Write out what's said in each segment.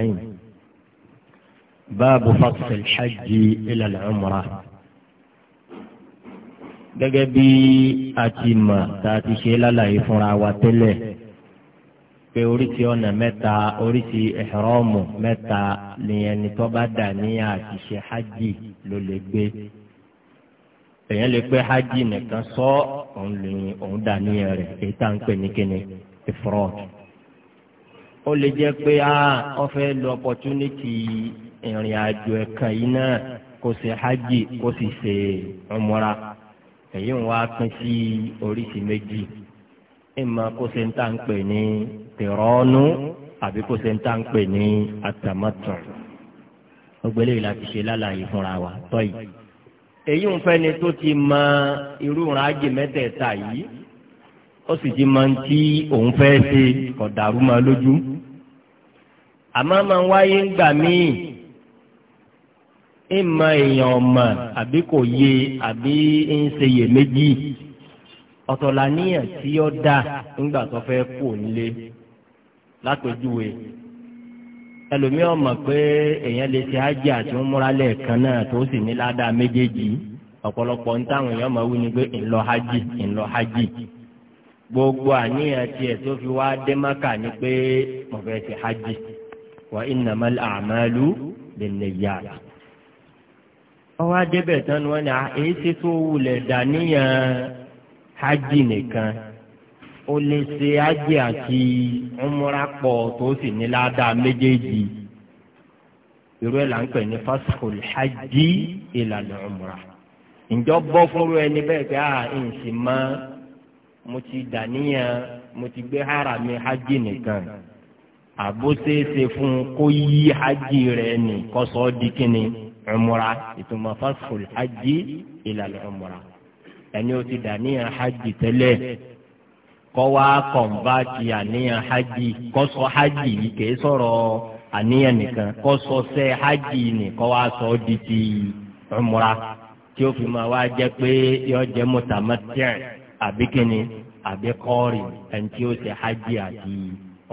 أجمعين باب فصل الحج إلى العمرة gẹ́gẹ́ bí a ti mọ̀ tá a ti ṣe lálàyé fúnra wa tẹ́lẹ̀ pé oríṣi ọ̀nà mẹ́ta oríṣi ìhrọ́mù mẹ́ta nìyẹn ni tó bá dà ní àṣìṣe hajj ló lè gbé èèyàn lè pé hajj nìkan sọ òun lè òun dà níyẹn rẹ̀ èyí tá à ń pè ní kíni ìfúrọ́ọ̀tù ó lè jẹ́ pé a ó fẹ́ lo opportunity ìrìn àjò ẹ̀kan yìí náà kó ṣe hajj kó sì ṣe ọmọra èyí ń wá pín sí oríṣi méjì ìmọ̀ kó ṣe ń tà ń pè ní tìrọ́nù àbí kó ṣe ń tà ń pè ní àtàmọ́tàn ọgbẹ́lẹ́ yìí la ti ṣe lálàyé fúnra wa tọ́yì èyí ń fẹ́ni tó ti mọ irú ìrìnàjò mẹ́tẹ̀ẹ̀ta yìí ó sì ti mọ ti òun fẹ́ ṣe kọ̀dàrú mọ́ lójú àmọ́ máa ń wáyé ńgbà míì ìmọ̀ èèyàn ọ̀mọ̀ àbí kò yé àbí ń ṣe yè méjì ọ̀tọ̀là níyàn tí ó dà ńgbà tó fẹ́ kú nílé látọ̀júwe ẹlòmíràn mọ̀ pé èèyàn lè ṣe ájì àti múra lẹ́ẹ̀kan náà tó sì ní ládàá méjèèjì ọ̀pọ̀lọpọ̀ ń táwọn èèyàn máa wí ni pé ńlọ hajj ńlọ hajj gbogbo àníyàn tiẹ̀ tó fi wá dé Mákà ni pé mo fẹ́ ṣe hajj. وإنما innamal a'malu binniyat. ọwọ́ adébẹ̀ tán ni wọ́n ní èyí ṣe tó wulẹ̀ dàníyàn hajj nìkan ó lè ṣe hajj àti umra pọ̀ tó sì ní ládàá méjèèjì irú ẹ̀ là ń pè ní faskhul hajj ila al ǹjọ́ bọ́ fúnru ẹni bẹ́ẹ̀ pé à ń sì mo ti dàníyàn mo ti gbé hàrà mi hajj nìkan àbóṣeéṣe fún kó yí hajj rẹ̀ ní kọ́sọ́ di kíni umra ìtumọ̀ fasul hajj ìlànà umra ẹni o ti dà níyàn hajj tẹ́lẹ̀ kọ́ wá kọ̀ǹbáàtì àníyàn hajj kọ́sọ́ hajj yìí kìí sọ̀rọ̀ àníyàn nìkan kọ́sọ́ sẹ́ hajj ni kọ́ wá sọ di ti umra tí ó fi máa wá jẹ́ pé yọ jẹ́ mọ̀tàmọ́tìrìn àbí kíni ẹni tí ó ṣe hajj àti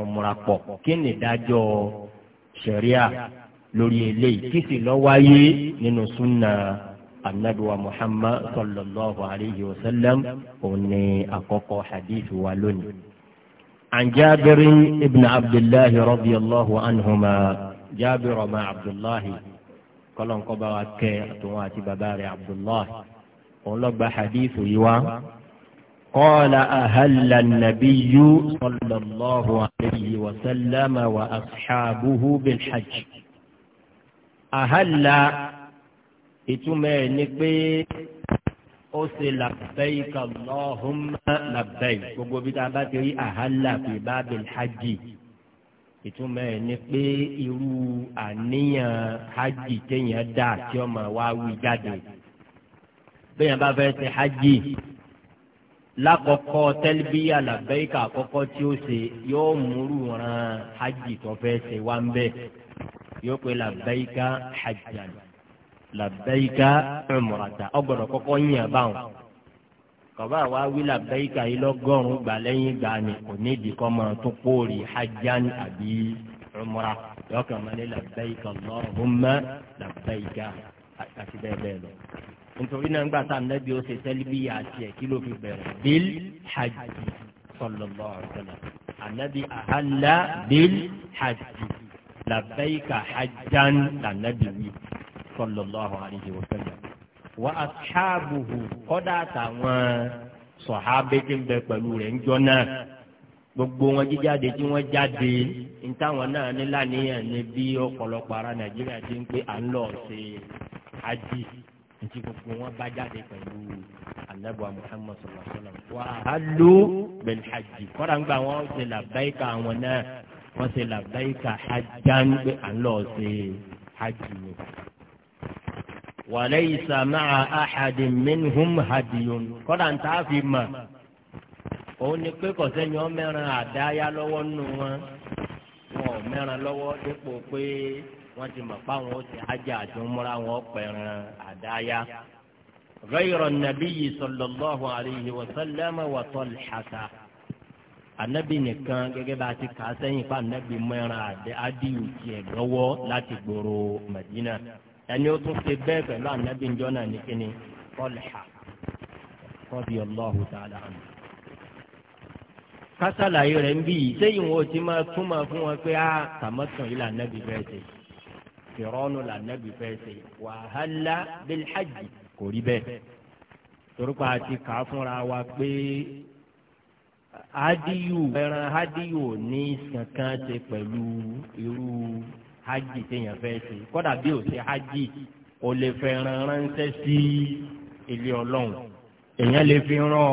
ọmọra pọ̀ kí ni ìdájọ́ sẹ̀ríà lórí eléyìí kí sì lọ́ wáyé nínú súnà anabiwa muhammad sallallahu alayhi wa sallam òun ni hadith wa lónìí. عن جابر بن عبد الله رضي الله عنهما جابر ما عبد الله قال انقبوا كي أتواتي بباري عبد الله ولقب حديث يوا قال أهل النبي صلى الله عليه وسلم وأصحابه بالحج أهل إتمي نقبي ó ṣe labẹ́yìká lọ́hùnmá labẹ́yì gbogbo bí tá a bá ti rí àhálà fi bábil hajj ìtumọ̀ ẹ̀ ni pé irú àníyàn hajj téèyàn dá tí ọmọ wa wí jáde béèyàn bá fẹ́ ṣe hajj lákọ̀ọ́kọ́ tẹ́lifíyà làbẹ́yìká àkọ́kọ́ tí ó ṣe yóò múrù ran hajj tó fẹ́ ṣe wá ń bẹ̀ yóò pe làbẹ́yìká hajjan làbẹ́yìká umrata ọgbọ̀dọ̀ kọ́kọ́ yìn báwọn kọ̀bá wa wí làbẹ́yìká yìí lọ́gọ́rùn-ún gbà lẹ́yìn gbà ní kò ní ìdí kọ́ máa tó kórè hajjan àbí umra yọkàn máa ní làbẹ́yìká Allahumma làbẹ́yìká àti bẹ́ẹ̀ bẹ́ẹ̀ lọ nítorí náà nígbà tá ànábì ó ṣe tẹ́lifí àti ẹ̀ kí ló fi bẹ̀rẹ̀ bil hajj sallallahu alaihi wasallam ànábì àhálà bil hajj labbaika hajjan lànábì wí sallallahu alaihi wasallam wa ashabuhu kọ́dà táwọn sọ̀hábẹ́tì ń bẹ pẹ̀lú rẹ̀ ń jọ náà gbogbo wọn jíjáde tí wọn jáde ntáwọn náà ní ní bí ọ̀pọ̀lọpọ̀ ara nàìjíríà ti ń pé à ń lọ ṣe hajj nti gbogbo wọn bá jáde pẹ̀lú anabuwa muhammad sallallahu alaihi wa sallam wa alu bil hajj kọ́ra ń gba wọn ṣe làbáyíká àwọn náà wọ́n ṣe làbáyíká hajjan pé à ń ṣe hajj ni. وليس مع أحد منهم هدي kọ́ra ń tà fi mọ̀ òun ni pé kọ̀sẹ́ni ọmọ ẹran àdáyá lọ́wọ́ nù wọn wọn ò mẹ́ran lọ́wọ́ dípò pé wọ́n ti mọ̀ pa àwọn oṣù ajá àti múra wọn pẹ̀ràn àdáyá. غير النبي صلى الله عليه وسلم وطلحة anabi nìkan gẹ́gẹ́ bá a ti kà á sẹ́yìn fún anabi mẹ́rin àdé adìyù tiẹ̀ lọ́wọ́ láti gbòòrò Madina ẹni ó tún ṣe bẹ́ẹ̀ pẹ̀lú anabi njọ́ náà ní kíni Talha radiyallahu ta'ala anhu. kásálàyé rẹ̀ ń bí yìí sẹ́yìn wo ti máa túmọ̀ fún wọn pé a ah, tàmọ́tàn yìí là anabi bẹ́ẹ̀ tẹ̀yìn kìrọ́nù lànàbì fẹ́ ṣe wàhálà bilhajj kò rí bẹ́ẹ̀ torípa àti kà á fúnra wa pé hadiyu ẹran hadiyu ní kankan ṣe pẹ̀lú irú hajj téèyàn fẹ́ ṣe kódà bí ó ṣe hajj o lè fẹ́ ran ránṣẹ́ sí ilé ọlọ́run èèyàn lè fi rán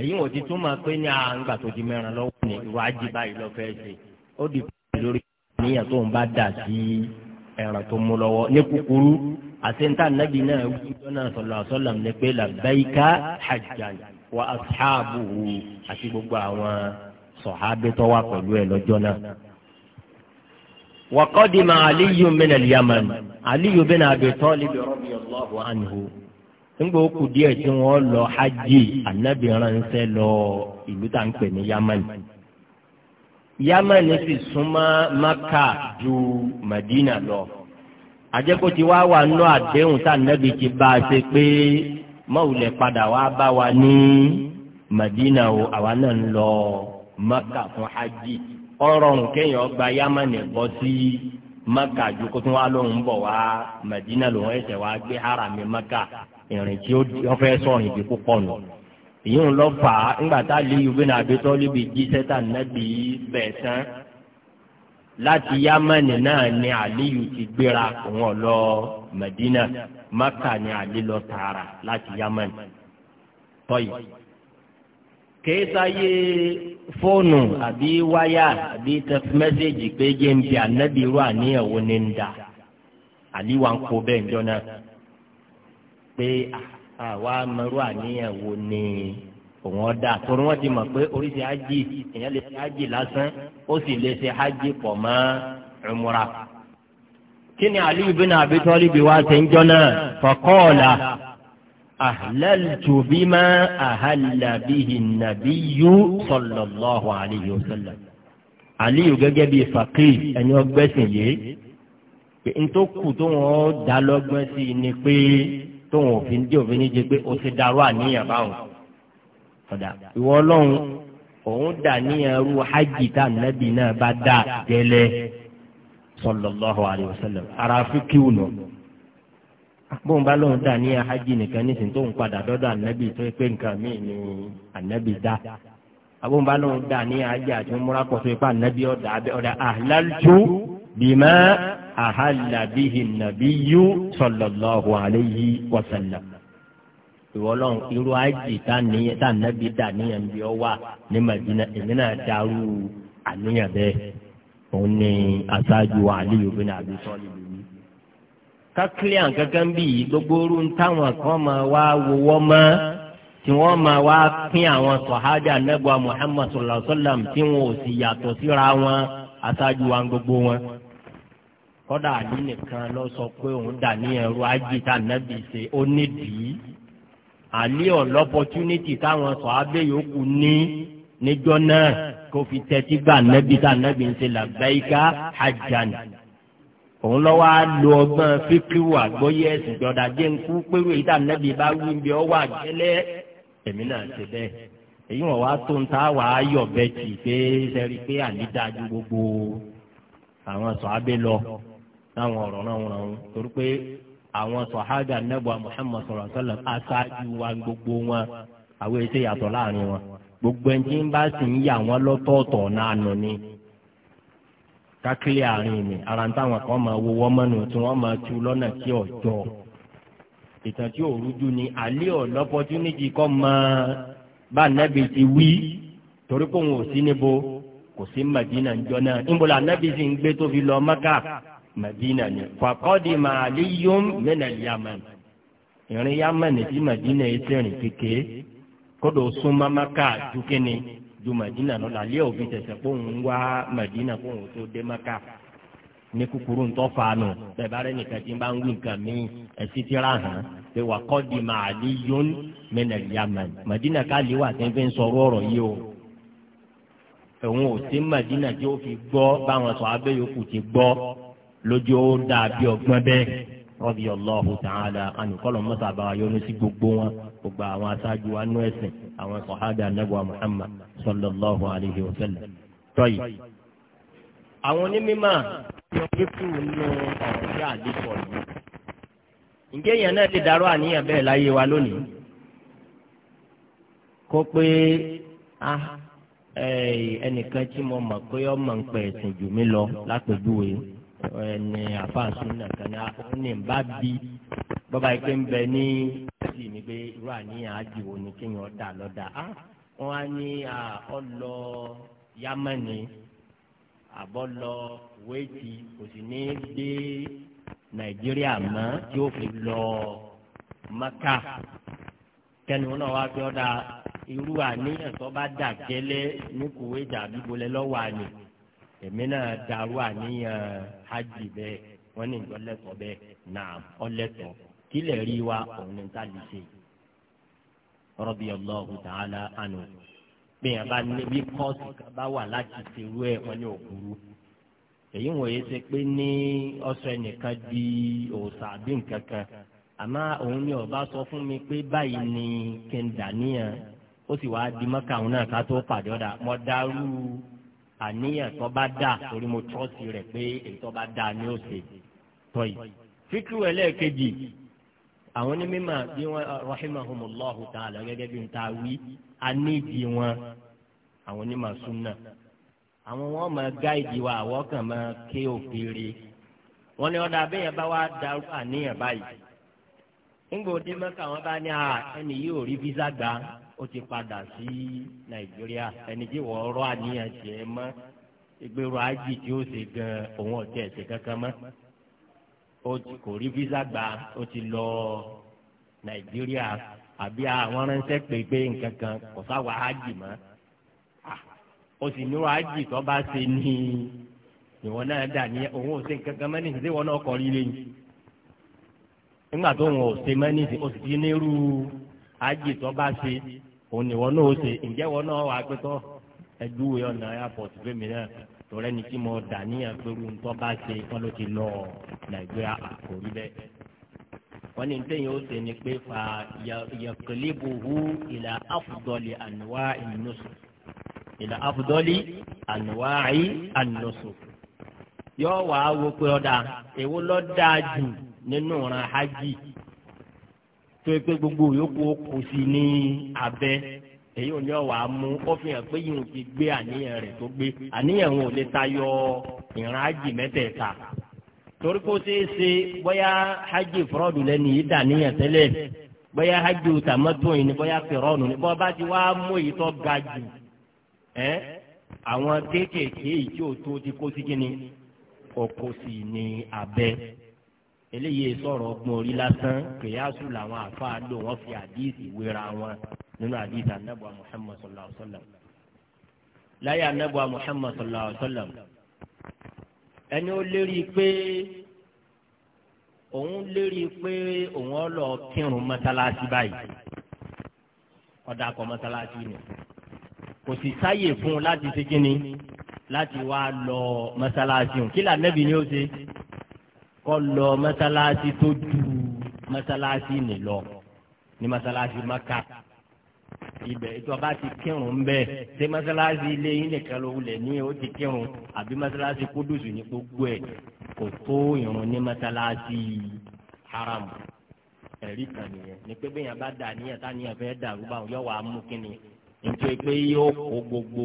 èyí wọn ti túmọ̀ pé ní àǹgbà tó di mẹ́rin lọ́wọ́ ní ìwádìí báyìí lọ́ọ́ fẹ́ ṣe ó di lórí àníyàn tó ń bá dà sí ẹran tó mú lọ́wọ́ ní kúkúrú àtẹ̀ntà nàbì náà wíjọ́ náà sọ̀rọ̀ àṣọ́làm ní pé làbáyíká hajjan wa ashabuhu àti gbogbo àwọn sọ̀hábẹ́ wà pẹ̀lú ẹ̀ lọ́jọ́ náà. وقدم علي من اليمن علي بن أبي طالب رضي الله عنه nígbà ó kù díẹ̀ tí wọ́n lọ hajj anabi ránṣẹ́ lọ ìlú tá à ń pè ní yamani yamani sì súnmọ́ maka ju madina lọ àjẹkù tí wàá wà nù àdéhùn tá nẹ́bi ti bá a ṣe pé mọ̀wùlẹ̀ padà wá bá wa ní madina o àwa náà ń lọ maka fún hajj ọrọ̀ nkẹ́yìn ọgbà yamani bọ́ sí maka ju kó tún wá lóun bọ̀ wá madina lòun ẹsẹ̀ wá gbé harami maka ìrìn tí ó fẹ́ sọ̀rìn bí púpọ̀ nù. No èyí ń lọ fà á ńgbà tá a lè yùgbé náà àbítọ́ níbi jíṣẹ́ tá nàbì bẹ̀ tán láti yámẹ́nì náà ni àlíyù ti gbéra òun ọ̀lọ́ mẹ̀dínà maka ni àlí lọ tààrà láti yámẹ́nì tọ́yì. kèésàyé fóònù àbí wáyà àbí text message pé jẹ́ ń bi ànábì irú àníyàn wo ni ń da àlíwà ń kó bẹ́ẹ̀ ń jọ náà pé ah, àwa mẹrú àníyàn wo ni òun ọ̀dà torí wọ́n ti mọ̀ pé oríṣi hajj èèyàn lè ṣe hajj lásán ó sì lè ṣe hajj pọ̀ mọ́ umra. kí ni Ali ibn Abi Talib wá ṣe ń jọ́ náà faqala ahlaltu bima ahalla bihi an yu sallallahu alayhi wa sallam. Ali gẹ́gẹ́ bíi faqih ẹni ọgbẹ́sìn yìí ntòkù tó wọ́n dá lọ́gbọ́n sí si ni pé. tóun òfin dé òfin níjẹ pé o ti darú àníyàn báwọn ọ̀dà ìwọ ọlọ́run òun dà níyàn ru hajj tá nàbì náà bá dà gẹ́lẹ́ sallallahu alayhi wa sallam ara fíkìwù nù. bóun bá lóun dà níyàn hajj nìkan nísìnyí tóun padà dọ́dọ̀ ànábì tó pé nǹkan míì ni ànábì dá àbọn bá lóun dà ní ajé àti múra kọsọ ipá nàbí ọdà abẹ ọdà àhàlàlùtù bìmọ àhàlàbíhì nàbí yú sallallahu alayhi wa sallam. ìwọ lọ́n irú ajé tá nàbí dà níyàn bí ọ wà ní Madina èmi náà dàrú àníyàn bẹ́ẹ̀ òun ni aṣáájú wa Aliyu bin Abi Talib kákílíà kankan bíi gbogbo orun táwọn kan máa wá wọwọ́ mọ́ tí wọ́n máa wá pín àwọn sọ̀hádà nẹ́gbà Muhammad sallallahu alayhi wa sallam tí wọn ò sì yàtọ̀ síra wọn aṣáájú wa gbogbo wọn. kọ́dà àdí nìkan lọ sọ pé òun dà ní ẹ̀rọ ajíta nẹ́bí ṣe ó nídìí. àlé ọ̀lọ́pọ̀túnìtì táwọn sọ̀hábẹ́ yòókù ní níjọ́ náà kó fi tẹ́tí gbà nẹ́bí tá nẹ́bí ń ṣe làbẹ́yíká hajjan òun lọ́wọ́ á lo ọgbọ́n fíkírù àgbọ́yé ẹ̀sìn jọ̀dá jẹ́ ń kú pérò ìdánẹ́bí bá wí bí ọ wà gẹ́lẹ́ èmi náà ṣe bẹ́ẹ̀ èyí wọn wá tó ń ta wà á yọ bẹ́ẹ̀ tì pé sẹ́rí pé ànídájú gbogbo àwọn sọ̀hábẹ́ lọ láwọn ọ̀rọ̀ náà wọn ọ̀hún torí pé àwọn sọ̀hábẹ́ anábọ̀ Muhammad sallallahu alaihi aṣáájú wa gbogbo wọn àwọn yàtọ̀ láàrin gbogbo ẹni tí ń bá sì ń yà wọn lọ́tọ̀ọ̀tọ̀ náà nù ni kákìlì ni ara ń táwọn kan máa wo wọ́n mọ́nu tí ìtàn tí òrújú ni àlẹ́ ọ̀nà opportunity kọ́ mọ bá nẹ́bi ti wí torí kò ń sí níbo kò sí Madina ńjọ náà níbo la nẹ́bi sì ń gbé tó fi lọ Mẹ́kà Madina ni fàkọ́dì máa lé yom mẹ́nà Yaman ìrìn Yaman ti Madina yìí sẹ́rìn kékeré kódò súnmọ́ Mẹ́kà dúkìní ju Madina lọ làlẹ́ òfin tẹ̀sẹ̀ kó ń wá Madina kó ń tó dé Mẹ́kà ní kúkúrú ń tọ́fà nù bẹ́ẹ̀ bá rẹ nìkan tí ń bá ń wí nǹkan mí ẹ̀sìn ti ra hàn pé wà kọ́ di màálí yón mẹ́nà yaman màdínà káàlì wà tẹ́ fi ń sọ̀rọ̀ ọ̀rọ̀ yìí o òun ò sí màdínà tí ó fi gbọ́ báwọn sọ abẹ́ yòókù ti gbọ́ lójú ó dà bí ọgbọ́n bẹ́ẹ̀ radiyallahu ta'ala ànìkọ́lọ̀ mọ́sá bá wa sí gbogbo wọn gbogbo àwọn aṣáájú wa nú ẹ̀sìn àwọn sọ̀hádà anábọ̀ Muhammad sallallahu alayhi wa sallam tọ́yì àwọn onímọ̀ yọ kíkú nínú ọ̀rọ̀ sí àdìpọ̀ yìí. ǹjẹ́ èèyàn náà lè dárò àníyàn bẹ́ẹ̀ láyé wa lónìí? kó pé ah, eh, ẹnìkan tí mo mọ̀ pé ọmọ ń pẹ̀ ẹ̀sìn jù mí lọ lápèjúwe ẹni àfàǹsùn nìkan ah, ní ọ̀nì bá bí bọ́bá yìí ń bẹ ní ẹ̀sìn mi pé irú àníyàn àjìwò ni kéèyàn dà lọ́dà. Ah, wọ́n á ní ọlọ yámẹ́ni àbọ̀ lọ wéètì kò sì ní dé nàìjíríà mọ́ tí ó fi lọ mẹ́kà kẹ́ni wọn náà wá fi ọ́ da irú àníyàn tó bá dà gẹ́lẹ́ ní kuwait àbí bolẹ̀ lọ́wọ́ àná èmi náà dàrú àníyàn hajj bẹ́ẹ̀ wọ́n ní nǹkan lẹ́tọ̀ọ́ náà ọlẹ́tọ̀ọ́ kílẹ̀ rí wa òun ní ta lè ṣe. rọ́bì ọlọ́hu tààlà ànú. bẹ́ẹ̀ bá níbi kọ́ọ̀sì kan bá wà láti ṣerú ẹ̀ wọ́n ní òkúrú èyí wòye ṣe pé ní ọ̀sẹ̀ nìkan di òòṣà àbí nǹkan kan àmọ́ òun ni ọba sọ fún mi pé báyìí ni kí n dà níyàn ó sì wáá di mọ́kà òun náà ká tó pàdé ọ̀dà mo dárú àníyàn tó bá dà torí mo trọ́ọ̀sì rẹ̀ pé èyí tó bá dà ní òsè ṣe tọ́yì. fíkú ẹlẹ́ẹ̀kejì àwọn ní mímọ̀ bí wọ́n rahimahumullahu ta'ala gẹ́gẹ́ bí n ta wí anídìí wọn àwọn onímọ̀ súnà àwọn wọn máa gáìdì wa àwọn kan máa ké òfìrí wọn ni ọ̀dà abẹ́yẹn bá wá darú àníyàn báyìí ńgbà òde mẹ́ka wọn bá ní ẹni yìí rí físà gbà ó ti padà sí nàìjíríà ẹni tí wọ́n rọ́ àníyàn mọ́ tí ó kò rí visa gba o ti lọ nàìjíríà àbí àwọn ránṣẹ́ pé nǹkan kan kò sáwà ájì mọ́ ó sì ní wàá jì bá ṣe ní ìwọ náà dà ní òun wọn náà kọ́ líle yìí nígbà tó òun ò ṣe mọ́ tó bá wọn tọrẹ ni tí mo dà níyàn pẹ̀lú ntọ́ bá ṣe wọn ló ti lọ nàìjíríà àkórí bẹ́ẹ̀. wọ́n ní ntẹ́yìn ó ṣe ni pé fa yaqlibuhu ila afdali anwa'i an-nusuk ila afdali anwa'i an-nusuk. yọ wà á wo pé ọ̀dà èwo ló dáa jù nínú ọ̀ràn hajj tó yẹ gbogbo yòókù kù sí ní abẹ́ èyí ò ní ọ̀wà mú ó fi hàn pé yìí ti gbé àníyàn rẹ̀ tó gbé àníyàn òun ò lè tayọ ìran ájì mẹ́tẹ̀ẹ̀ta torí kó ṣeé ṣe bóyá hajj fúrọ́ọ̀dù lẹ́nu yìí dàníyàn tẹ́lẹ̀ bóyá hajj tàmọ́tò yìí ni bóyá fìrọ́ọ̀nù ni bọ́ bá ti wá mú èyí tó ga jù ẹ́ àwọn kéékèèké èyí tí ò tó ti kó sí kíni kò kó sí ní abẹ́ eléyìí sọ̀rọ̀ ọgbọ́n orí lásán kìyàsù làwọn àfáà lò wọ́n fi àdíìsì wéra wọn nínú àdíìsì anábọ̀ Muhammad sallallahu alayhi wa sallam láyé anábọ̀ Muhammad sallallahu alayhi wa sallam ẹni ó lérí pé òun lérí pé òun lọ kírun mọ́sálásí báyìí ọ̀dà kọ́ mọ́sálásí ni kò sì sáyè fún un láti ṣe kíni láti wá lọ mọ́sálásí òun kí lànà bí ni ó ṣe kọ́ lọ mọ́sálásí tó ju mọ́sálásí nì lọ ní mọ́sálásí maka ibẹ̀ ètò ọba ti kírun bẹ́ẹ̀ ṣé mọ́sálásí ilé yín nìkan ló wulẹ̀ ní o ti kírun àbí mọ́sálásí kúdùsù ní gbogbo ẹ̀ kò tó ìrun ní mọ́sálásí haram ẹ̀rí kan nìyẹn ni pé bẹ́ẹ̀ yẹn bá dà níyẹn táníyàn fẹ́ dàrú báwọn yọ wà á mú kínni nítorí pé yóò kó gbogbo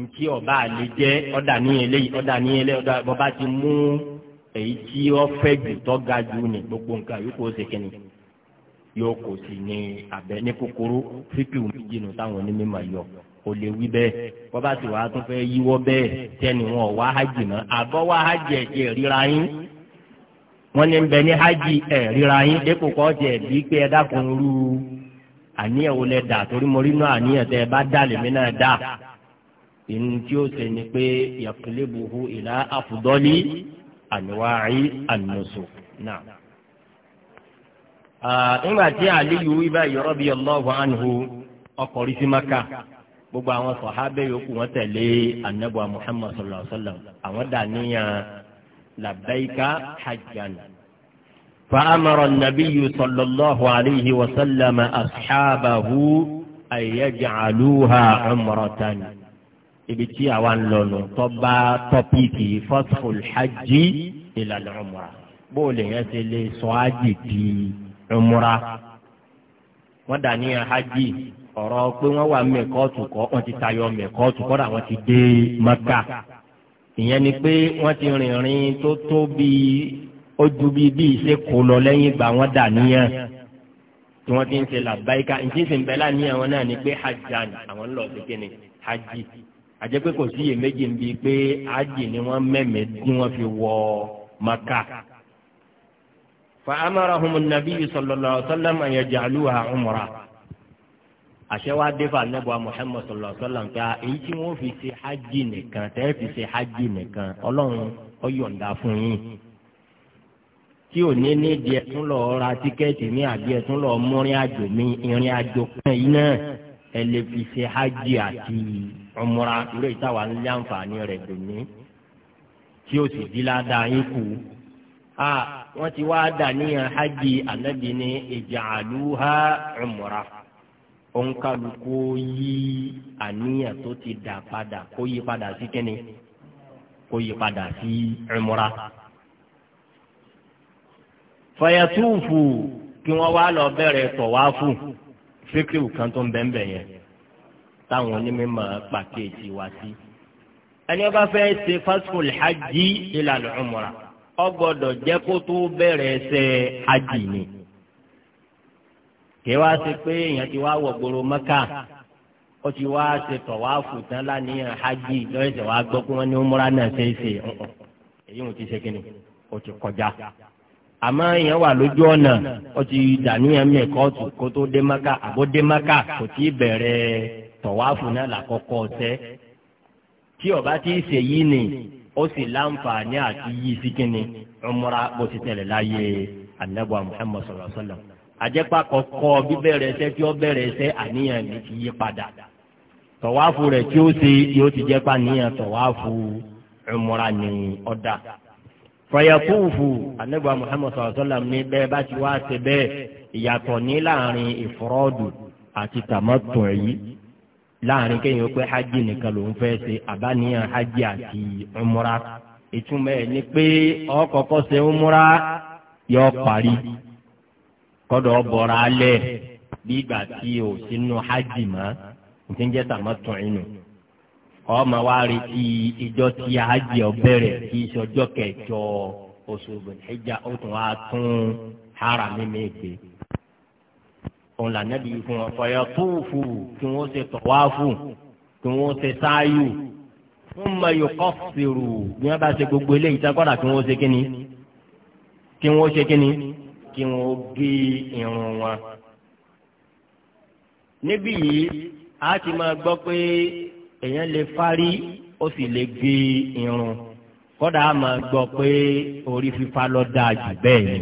ntí ọba àlè jẹ́ ọ̀dà níyẹn lé ọ̀dà níyẹn lé ọ̀dà bọ́ba ti mú èyí tí ó fẹ́ jù tó ga jù ní gbogbo nǹkan yóò kó o ṣe kínní yóò kó sí ní abẹ ní kúkúrú fíkì jìnnà táwọn onímọ̀ yọ kò lè wí bẹ́ẹ̀ wọ́n bá ti wàá tún fẹ́ yíwọ́ bẹ́ẹ̀ tẹ́ni wọn wá hajj mọ́ àbọ̀ wá hajj ẹ̀jẹ̀ ríra yín wọ́n ní bẹ ní hajj ẹ̀ ríra yín dépò kọ́ jẹ̀ bí pé ẹ dákun rú àníyàn lẹ dà torí mo rí náà àníyàn tẹ ẹ bá dà lèmi náà dà ìnú tí ó ṣe ni pé yàtúlẹ̀ buhu àníwáàrí ànùsù náà. nígbà tí àlíyù ibà yọ̀rọ̀ bíi ọlọ́ọ̀bù ànùhù ọkọ̀ rí sí maka gbogbo àwọn sọ̀hábẹ́ yòókù wọn tẹ̀lé anabu muhammad sallallahu alayhi wa sallam àwọn dàníyàn labbaika hajjan. فأمر النبي صلى الله عليه وسلم أصحابه أن يجعلوها عمرة ibi tí àwa ń lọ nù tó bá tọ́píìkì fọ́sfòl hajj ìlànà ọmọra bó o lè yẹn ṣe lè sọ hajj di ọmọra wọ́n dà ní hajj ọ̀rọ̀ pé wọ́n wà mẹ́kọ́ọ̀tù kọ́ wọ́n ti tayọ mẹ́kọ́ọ̀tù kọ́ra wọ́n ti dé mọ́kà ìyẹn ni pé wọ́n ti rìnrìn tó tó bíi ó bíi bíi ṣe kó lọ lẹ́yìn ìgbà wọ́n dà níyàn tí wọ́n ti ń ṣe làbáyíká ìdí ìsìn bẹ́lá níyàn wọn náà ni pé hajj àwọn ń lọ sí kíni hajj àjẹpẹ́ kò sí iyèméjì ń bi pé ájì ni wọ́n mẹ́mẹ́ tí wọ́n fi wọ maka. fa amarahum nabiyyu sallallahu alaihi wasallam an yaj'aluha umra àṣẹwádé fà nẹ́bọ̀ Muhammad sallallahu alaihi wasallam nǹkan èyí tí wọ́n fi ṣe hajj nìkan tẹ́ẹ̀ fi ṣe hajj nìkan ọlọ́run ó yọ̀ǹda fún yín tí ò ní ní di ẹtún lọ ra tíkẹ́ẹ̀tì ní àbí ẹtún lọ mú ìrìn àjò mi ìrìn àjò kan yìí náà ẹ lè fi ṣe hajj àti ọmọra irú ìtawà ń lé àǹfààní rẹ̀ dòní tí ó sì di ládàá yín kù a wọ́n ti wá dà níyàn hajj anabi ní ij'aluha umra ònkàlùkù yí àníyàn tó ti dà padà kó yí padà sí kínní kó yí padà sí umra fayatufu kí wọ́n wá lọ bẹ̀rẹ̀ tọ̀wáfù fíkìrì kan tó ń bẹ́ẹ̀ yẹn táwọn onímọ̀ pàkíyèsí wá sí. ẹni ó bá fẹ́ ṣe fásitì hajj ìlànà umra ó gbọ́dọ̀ jẹ́ kó tó bẹ̀rẹ̀ ṣe hajj ni. kí wá ṣe pé èèyàn ti wá wọ̀ gbòòrò mẹ́kà ó ti wá ṣe tọ̀wáfù tán lánìyàn hajj lọ́yẹ̀ tẹ̀ wá gbọ́ pé wọ́n ní umra náà ṣe é ṣe èyí wọn ti ṣe kí ni ó ti kọjá àmọ́ èèyàn wà lójú ọ̀nà ó ti dàníyàn mẹ́kọ́ọ̀tù kó tó dé mẹ́kà àbó dé mẹ́kà kò tí ì bẹ̀rẹ̀ tọ̀wáfù náà làkọ́kọ́ ọ̀tẹ́ tí ọba ti ń ṣe yìí ni ó sì láǹfààní àti yí sí kínni umra bó ti tẹ̀lé láyé anabuwa muhammad sallallahu alaihi wasallam àjẹpá kọ̀ọ̀kọ́ bíbẹ̀rẹ̀ ẹsẹ̀ tí ó bẹ̀rẹ̀ ẹsẹ̀ àníyàn mi ti yí padà tọ̀wáfù rẹ̀ tí ó ṣe yóò ti jẹ́ pàníyàn tọ̀wáfù umra ni ọ̀dà fọyàkúùfù anabuwa muhammad sallallahu alaihi wasallam ní bẹ́ẹ̀ bá ti wá ṣe bẹ́ẹ̀ ìyàtọ̀ ní láàrin ìfọ́rọ́dù àti tàmọ́tò yìí láàrin kéèyàn pé hajj nìkan ló ń fẹ́ ṣe àbáníyàn hajj àti umra ìtumọ̀ ẹ̀ ni pé ọkọ̀ọ̀kọ̀ ṣe umra yọ parí kọ́dọ̀ bọ̀ra alẹ́ bí ìgbà tí o sínú hajj mọ́ ní jẹ́ tàmọ́tò inú ọmọ wa retí ìjọ ti hajj ọbẹ̀rẹ̀ kí ìṣọjọ́ kẹjọ oṣù Dhul Hijja ó tún wá tún haramí òun là nẹ́bí yìí fún wọn fọyọ tóòfù kí wọ́n ṣe tọ̀wáfù kí wọ́n ṣe sáyù fún mayò kọ́fìrù bí wọ́n bá ṣe gbogbo eléyìí tá kọ́dà kí wọ́n ṣe kíni kí wọ́n ṣe kíni kí wọ́n gé irun wọn. níbí yìí a ti máa gbọ́ pé èèyàn lè fárí ó sì lè gé irun kọ́dà a máa gbọ́ pé orí fífá ló dáa jù bẹ́ẹ̀ ni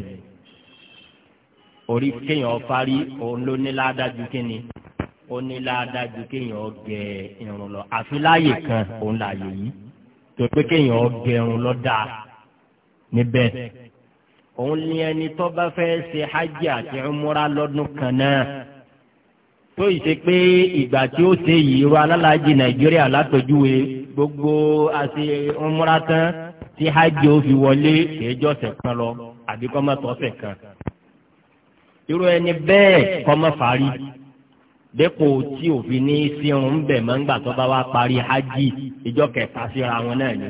orí kéèyàn parí òun ló ní ládájú kíni ó ní ládájú kéèyàn gẹ irun lọ àfi láàyè kan òun láàyè yìí tó pé kéèyàn gẹ irun lọ dáa níbẹ̀ òun ní ẹni tó bá fẹ́ ṣe hajj àti umura lọ́dún kan náà tó yìí ṣe pé ìgbà tí ó ṣe yìí ru alálàájì nàìjíríà látọjúwe gbogbo àti umura tán tí hajj ó fi wọlé kéjọ́sẹ̀ kan lọ àbíkọ́mọ́tọ́sẹ̀ kan irú ẹni bẹ́ẹ̀ kọ́mọ́ fárí dépò tí òfin ní sírun ń bẹ̀ mọ́ngbà tó bá wá parí hajj ìjọ kẹta síra wọn náà ni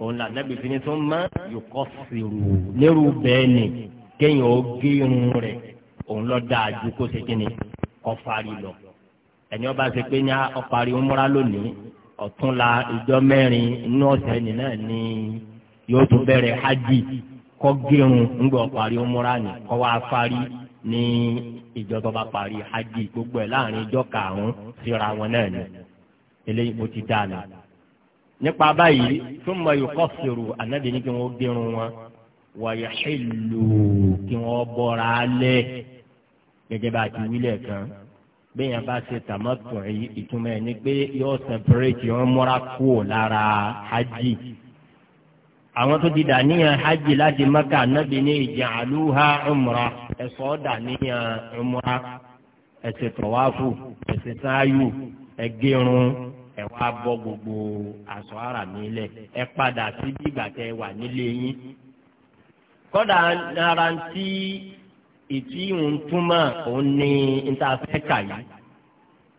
òun là nẹ́bi fi ni tó má yòókọ́ sírù nírú bẹ́ẹ̀ ni kéèyàn ó gé irun rẹ̀ òun lọ dáa ju kó ṣe kí ni kọ́ fárí lọ ẹni ọba ṣe pé ní ọparí múra lónìí ọ̀túnla ìjọ mẹ́rin inú ọ̀sẹ̀ nìyẹn ni yóò tún bẹ̀rẹ̀ hajj kọ́ gẹrun ńgbọ́ parí ọmọra ni kọ́ wá parí ní ìjọba bá parí hajj gbogbo ẹ̀ láàrin ìjọ karùn-ún síra wọn náà ni eléyìí bó ti dáa nà. nípa báyìí fún mọ ìkọ́ sòrò ànábì ní kí wọ́n gẹrun wọn wàyà ṣèlú kí wọ́n bọ́ra lẹ̀ gẹ́gẹ́ bá ti wílẹ̀ kan bẹ́ẹ̀ yẹn bá ṣe yìí ìtumọ̀ ẹ̀ ni pé yóò sẹ̀pẹ̀rẹ̀tì wọn múra kúò lára hajj. àwọn tó ti dàníyàn hajj láti maka nábì ní ìjàlúha umra ẹ̀sọ́ dàníyàn umra ẹ̀sẹ̀ tọ̀wáfù ẹ̀sẹ̀ sáyù ẹ̀gẹ̀rún ẹwà bọ́ gbogbo aṣọ ara mi lẹ̀ ẹ̀ padà sí bígbà wà nílé yín. kọ́dà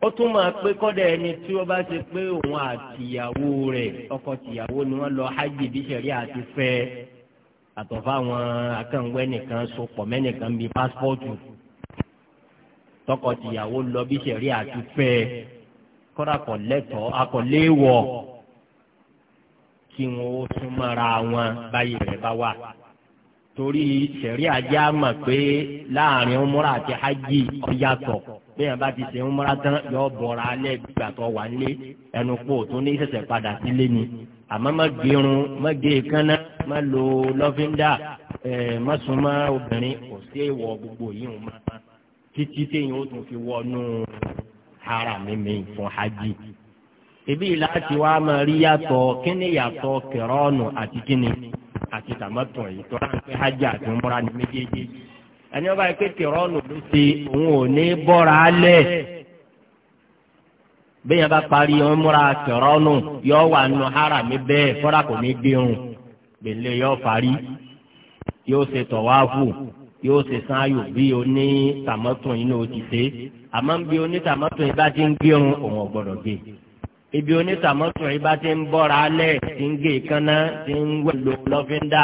ó tún máa pé kọ́dà ẹni tí ó bá ṣe pé òun àtìyàwó rẹ̀ ọkọ tìyàwó ni wọ́n lọ hajj bí sẹ̀rí àti fẹ́ àtọ̀fà àwọn akẹ́wẹ́ nìkan sopọ̀ mẹ́nìkan bíi pásítọ̀tù tọkọ tìyàwó lọ bí sẹ̀rí àti fẹ́ kọ́dà kọ̀ lẹ́tọ̀ọ́ akọ̀léèwọ̀ kí wọn ó tún mọ́ra wọn báyìí rẹ̀ bá wà torí sẹ̀rí ajá mọ̀ pé láàrin umrah àti hajj ó bẹ́ẹ̀ bá ti ṣe ń múra tán yọ bọ̀ra alẹ́ gbà tó wà nílé ẹnu pò tó ní sẹ̀sẹ̀ padà sílé ni àmọ́ má gerun má gé kánná má lo lọ́fíńdà ẹ̀ má sùn má obìnrin kò sí ìwọ gbogbo yìí ń má títí téèyàn ó tún fi wọnú ara mímí fún hajj ebi láti wá máa rí yàtọ̀ kí ni yàtọ̀ kẹrọ́ọ̀nù àti kí àti tàmọ́tò yìí tó hajj àti múra ní méjèèjì ẹni ọba yìí pé tìrọ́ọ̀nù ló ti òun ò ní bọ́ra lẹ̀ bẹ́ẹ̀ bá parí wọn múra tìrọ́ọ̀nù yọ wà nù hara mi bẹ́ẹ̀ fọ́ra kò ní gbẹ̀rùn gbẹ̀lẹ̀ yọ parí yóò ṣe tọ̀wáfù yóò ṣe sáyò bí oní tàmọ́tún yìí ló ti ṣe àmọ́ bí oní tàmọ́tún yìí bá ti ń gbẹ̀rùn òun ò gbé ibi onítàmọ́tún yìí bá ti ń bọ́ra lẹ̀ ti ń gé kaná ti ń wẹ̀ lọ́fíńdà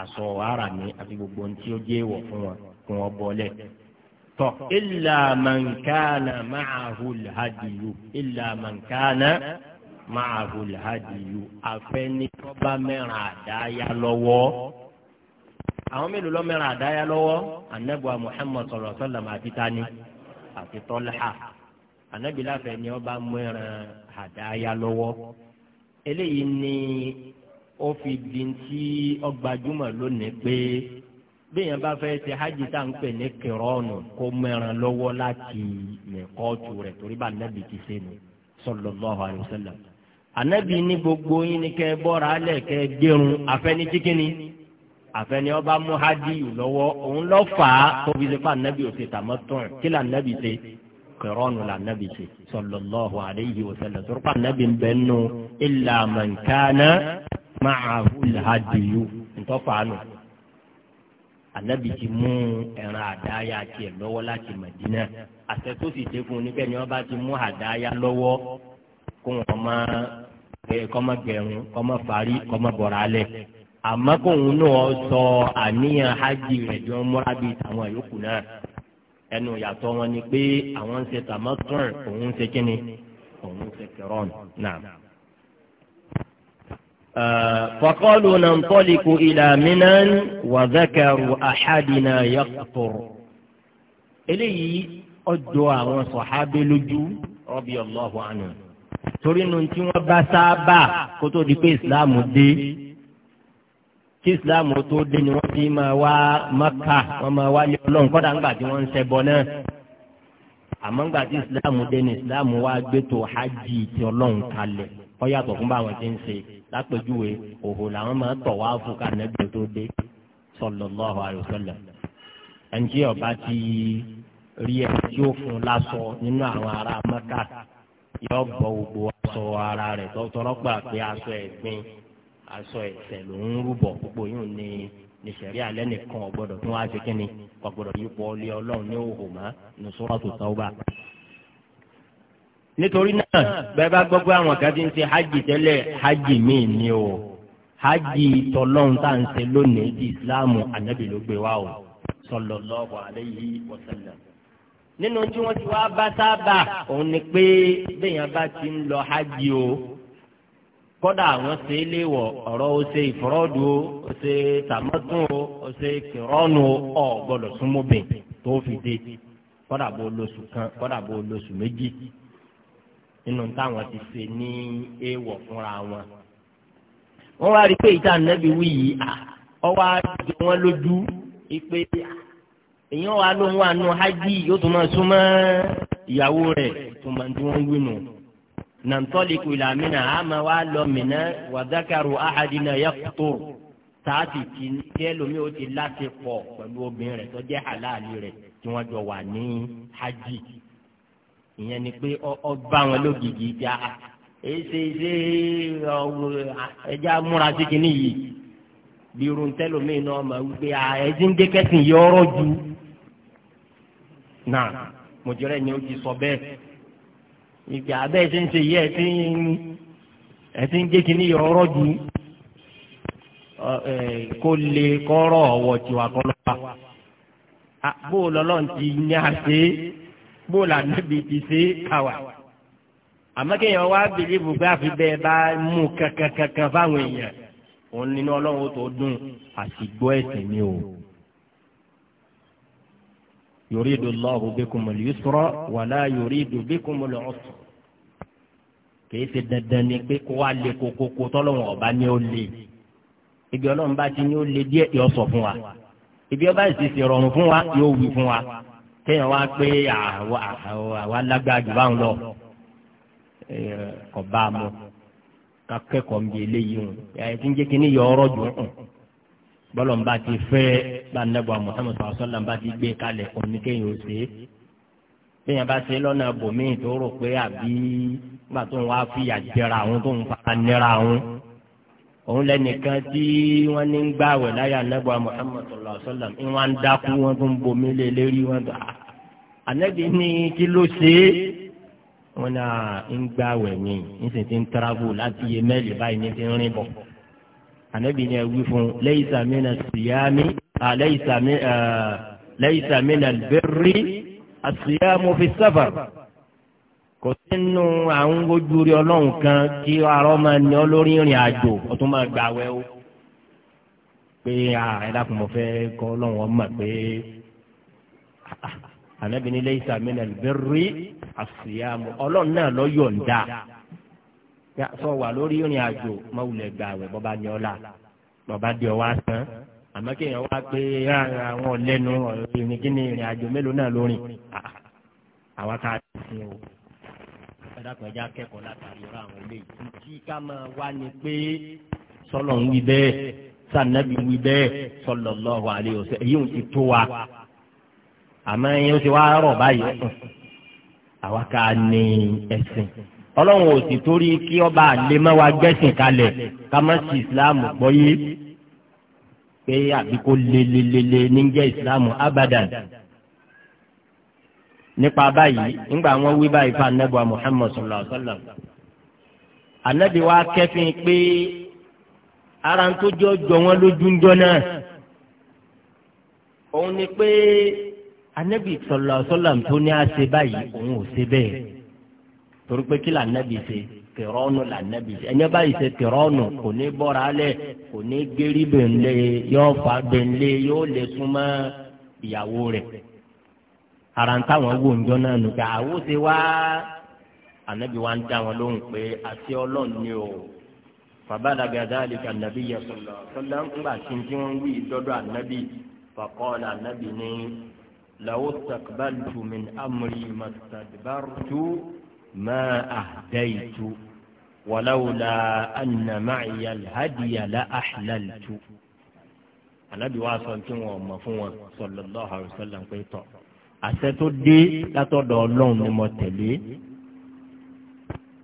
aṣọ ara mi àti gbogbo ohun tí ó jẹ́ wọ̀ fún wọn kí wọ́n bọ́lẹ̀. tọ́ illa man kana ma'ahu al-hadiyu illa man kana ma'ahu al-hadiyu afẹ́nitọ́ba mẹ́rin àdáyà lọ́wọ́. àwọn mélòó lọ mẹ́rin àdáyà lọ́wọ́ anabu muhammad sallallahu alaihi wasallam àti tani àti tọ́lá anabi láfẹ̀ẹ́ ni ọba mẹ́rin àdáyà lọ́wọ́. eléyìí ni ó fi di ti ọgbàjúmọ̀ lónìí pé béèyàn bá fẹ́ ṣe hajj tá à ń pè ní kìrọ́ọ̀nù kó mẹ́ran lọ́wọ́ láti mẹ́kọ́ọ̀tù rẹ̀ torí bá nẹ́bi ti ṣe nù sallallahu alaihi wasallam. ànẹ́bi ní gbogbo yín ni kẹ́ bọ́ra alẹ́ kẹ́ gbẹ̀rún àfẹ́ni chikinni àfẹ́ni ọba mú hajj lọ́wọ́ òun lọ́ fà á tó fi ṣe pa ànẹ́bi ò ṣe kí là ànẹ́bi ṣe kìrọ́ọ̀nù là ànẹ́bi ṣe sallallahu alaihi wasallam torí pa máa wúlò àdìyó ntọ́fàánù anabi ti mú ẹran àdáyà tiẹ̀ lọ́wọ́ láti Mẹ̀dínà àṣẹ tó sì ṣe fún un wọ́n bá ti mú àdáyà lọ́wọ́ kó wọn má kọ́mọ gẹ̀rún kọ́mọ fárí kọ́mọ bọ̀rọ̀ àmọ́ náà sọ àníyàn hajj rẹ̀ jọ múra bíi tàwọn náà ẹnu wọn ni pé àwọn ń ṣe òun ń ṣe kíni òun ń ṣe فقالوا ننطلق إلى منى وذكروا أحدنا يقطر eléyìí ọjọ́ àwọn sọ̀hábẹ́ lójú radiyallahu anhu torí nu tí wọ́n bá sábà kó tó di pé ìsìláàmù dé kí ìsìláàmù tó dé ni wọ́n ti máa wá Mákà wọ́n máa wá ní ọlọ́run kọ́dà ńgbà tí wọ́n ń ṣẹbọ náà àmọ́ ńgbà tí ìsìláàmù dé ni ìsìláàmù wá gbé tó hajj ti ọlọ́run kalẹ̀ ó yàtọ̀ fún báwọn ti ń ṣe lápèjúwe òhò làwọn máa tọ̀ wá fún kànẹ́bí tó dé sallallahu alaihi wasallam ẹni tí ọba ti rí ẹ tí ó fún lásọ nínú àwọn ará Mẹ́kà yóò bọ gbogbo aṣọ ara rẹ̀ tọtọrọ gbà pé aṣọ ẹ̀gbin aṣọ ẹ̀ṣẹ̀ ló ń rúbọ gbogbo yóò ní nìṣẹ̀rí alẹ́ nìkan ọ̀gbọ́dọ̀ tí wọ́n á ṣe kínni ọ̀gbọ́dọ̀ yípo ọlẹ́ ọlọ́run ní òhò mọ́ nùsọ́rọ̀ tó bá nítorí náà bẹ́ẹ̀ bá gbọ́ pé àwọn kan ti ń ṣe hajj tẹ́lẹ̀ hajj míì ni o hajj tọlọ́run tá à ń ṣe lónìí ti ìsìláàmù ànábì ló gbé wa o sallallahu alayhi wa sallam. nínú tí wọ́n ti wá bá sábà òun ni pé béèyàn bá ti ń lọ hajj o kódà àwọn ṣe é léwọ̀ ọ̀rọ̀ ó ṣe ìfọ́rọ́dù o ó ṣe tàmọ́tún o ó ṣe kìrọ́ọ̀nù o ọ̀ gbọ́dọ̀ súnmọ́bìn tó fi dé kódà bó lóṣù kan kódà bó lóṣù méjì nínú táwọn ti ṣe ní èèwọ̀ fúnra wọn. wọ́n wá rí i pé ìta ànábì wí yìí ọwọ́ àti wọn lójú ìpè èyàn wa ló ń wà nù hajj yóò tún máa súnmọ́ ìyàwó rẹ̀ tó máa tí wọ́n wí nù. nàntọ́lẹ̀kù ìlàmínà àmà wa lọ mìíràn wàdákàrò àhàdínà yàtọ̀ tààtì tí tiẹ́ lómi ó ti láti pọ̀ pẹ̀lú obìnrin rẹ̀ tó jẹ́ àlàálì rẹ̀ tí wọ́n jọ wà ní hajj. ìyẹn ni pé bá wọn lógìgì já èsè ṣe ẹja múra sí kinní yìí bí irun náà mà wípé ẹdín kẹsìn yìí ọrọ ju náà mọ̀jọ́rẹ́ ni ó ti sọ bẹ́ẹ̀ ìgbà abẹ́ ṣe ń ṣe yí ẹtí ń ju kó lè ọ̀wọ̀ tiwa kọ́ lọ́wọ́ bó ti bó la níbi ti ṣe káwa àmọ́ kéèyàn wá bìlíìfù pé àfi bẹ́ẹ̀ bá mú kankankankan fáwọn èèyàn òun nínú ọlọ́run tó dùn àsìgbọ́ ẹ̀sìn ni o. yuridu Allahu bikumul yusra wala yuridu bikumul usra kìí ṣe dandan ni pé kó wá lé kokoko tọ́lọ́wọ̀n ọba ni ó lé ibi ọlọ́run bá ti ní ó lé díẹ̀ yọ sọ fún wa ibi ọba sì rọrùn fún wa yóò wí fún wa kéèyàn wá pé àwa lágbára jù báwọn lọ ọba mu kakẹ́kọ̀ọ́ ń bi eléyìí hùn ẹ̀ tí ń jẹ́ kí ní yọ ọ́rọ́ jù hùn bọ́lọ̀ ń bá ti fẹ́ bá nẹ́gbàá Muhammad sallallahu alaihi wasallam bá ti gbé kalẹ̀ oníkéyìn òsè kéèyàn bá ṣe lọ́nà bòmíì tó rò pé àbí nígbà tó ń wá fìyà jẹra àwọn tó ń fa nira àwọn òun lẹnìkan tí wọn ní ń gbààwẹ̀ láyà nẹbù Muhammad sallallahu alaihi wasallam ń wá ń dákú wọn tó ń bomi lé lérí wọn tó ah, ànẹbí ní kí ló ṣe é wọn náà ah, ń gbààwẹ̀ ní níṣẹ tí ń tarabu láti yé mẹlì báyìí ní ti ń rìn bọ ànẹbí ní ẹwí fún laysa mina siyami ah, laysa mina albirri asiyamu fi safar kò sínú àwọn ojú rí ọlọ́run kan kí arọ́ máa ní ọ lórí ìrìn àjò ọtún máa gbà wẹ́ o pé ẹ dákun mo fẹ́ kọ́ ọlọ́run ọmọ pé ànábì ní laysa min al-birri as-siyam ọlọ́run náà lọ yọ̀ǹda sọ wà lórí ìrìn àjò máa wulẹ̀ gbà wẹ́ bọ́ba ní ọ́la bọ́ba di ọwọ́ asán àmọ́ kéèyàn wá pé àwọn ọ̀lẹ́nu ìrìn kíni ìrìn àjò mélòó náà lórí àwọn ká sí o ẹ̀dàkùn ẹja kẹ́kọ̀ọ́ látàrí ọ̀rọ̀ àwọn eléyìí tí ká máa wá ni pé sọlọ ń wí bẹ́ẹ̀ sànàbí wí bẹ́ẹ̀ sallallahu alaihi wasallam èyí ń ti tó wa àmọ́ ẹ̀yin ó ti wá rọ̀ báyìí àwa ká ní ẹ̀sìn ọlọ́run ò sì torí kí ọba àlè má wa gbẹ́sìn kalẹ̀ ká má sí islam gbọ́yé pé àbí kó lelelele níjẹ́ islam abadan nípa báyìí ńgbà wọn wí báyìí fún anabi muhammad sallallahu alaihi wa sallam anabi wa kẹfin pé ara ń tó jọ jọ wọn lójú ńjọ náà òun ni pé anabi sallallahu alaihi wa sallam tó ní àṣẹ báyìí òun ò ṣe bẹ́ẹ̀ torí pé kí lànàbì ṣe kìrọ́ọ̀nù lànàbì ṣe ẹni báyìí ṣe kìrọ́ọ̀nù kò ní bọ́ra alẹ́ kò ní gérí bẹ̀ńlẹ̀ yóò fà bẹ̀ńlẹ̀ yóò lè súnmọ́ ìyàwó rẹ̀ ara ń táwọn wò ń jọ náà nù pé àwòṣe wá ànábì wa ń dá wọn lóhùn pé àti ọlọ́run ni o fàbàdàgà dáàlìkà nàbí yẹ sọlọ sọlọ ńgbà tí tí wọn wí dọdọ ànábì fàkọọlà ànábì ní làwọn sàkbàlùtù mi amúri màsàdìbàrùtù má àdáìtù wàláwùlà ànàmáyà hàdìyà là àhlàlùtù ànábì wa sọ tí wọn mọ fún wọn sọlọ lọhàrù sọlọ ń pẹ tọ àṣẹ tó dé látọ̀dọ̀ ọlọ́run ni mo tẹ̀lé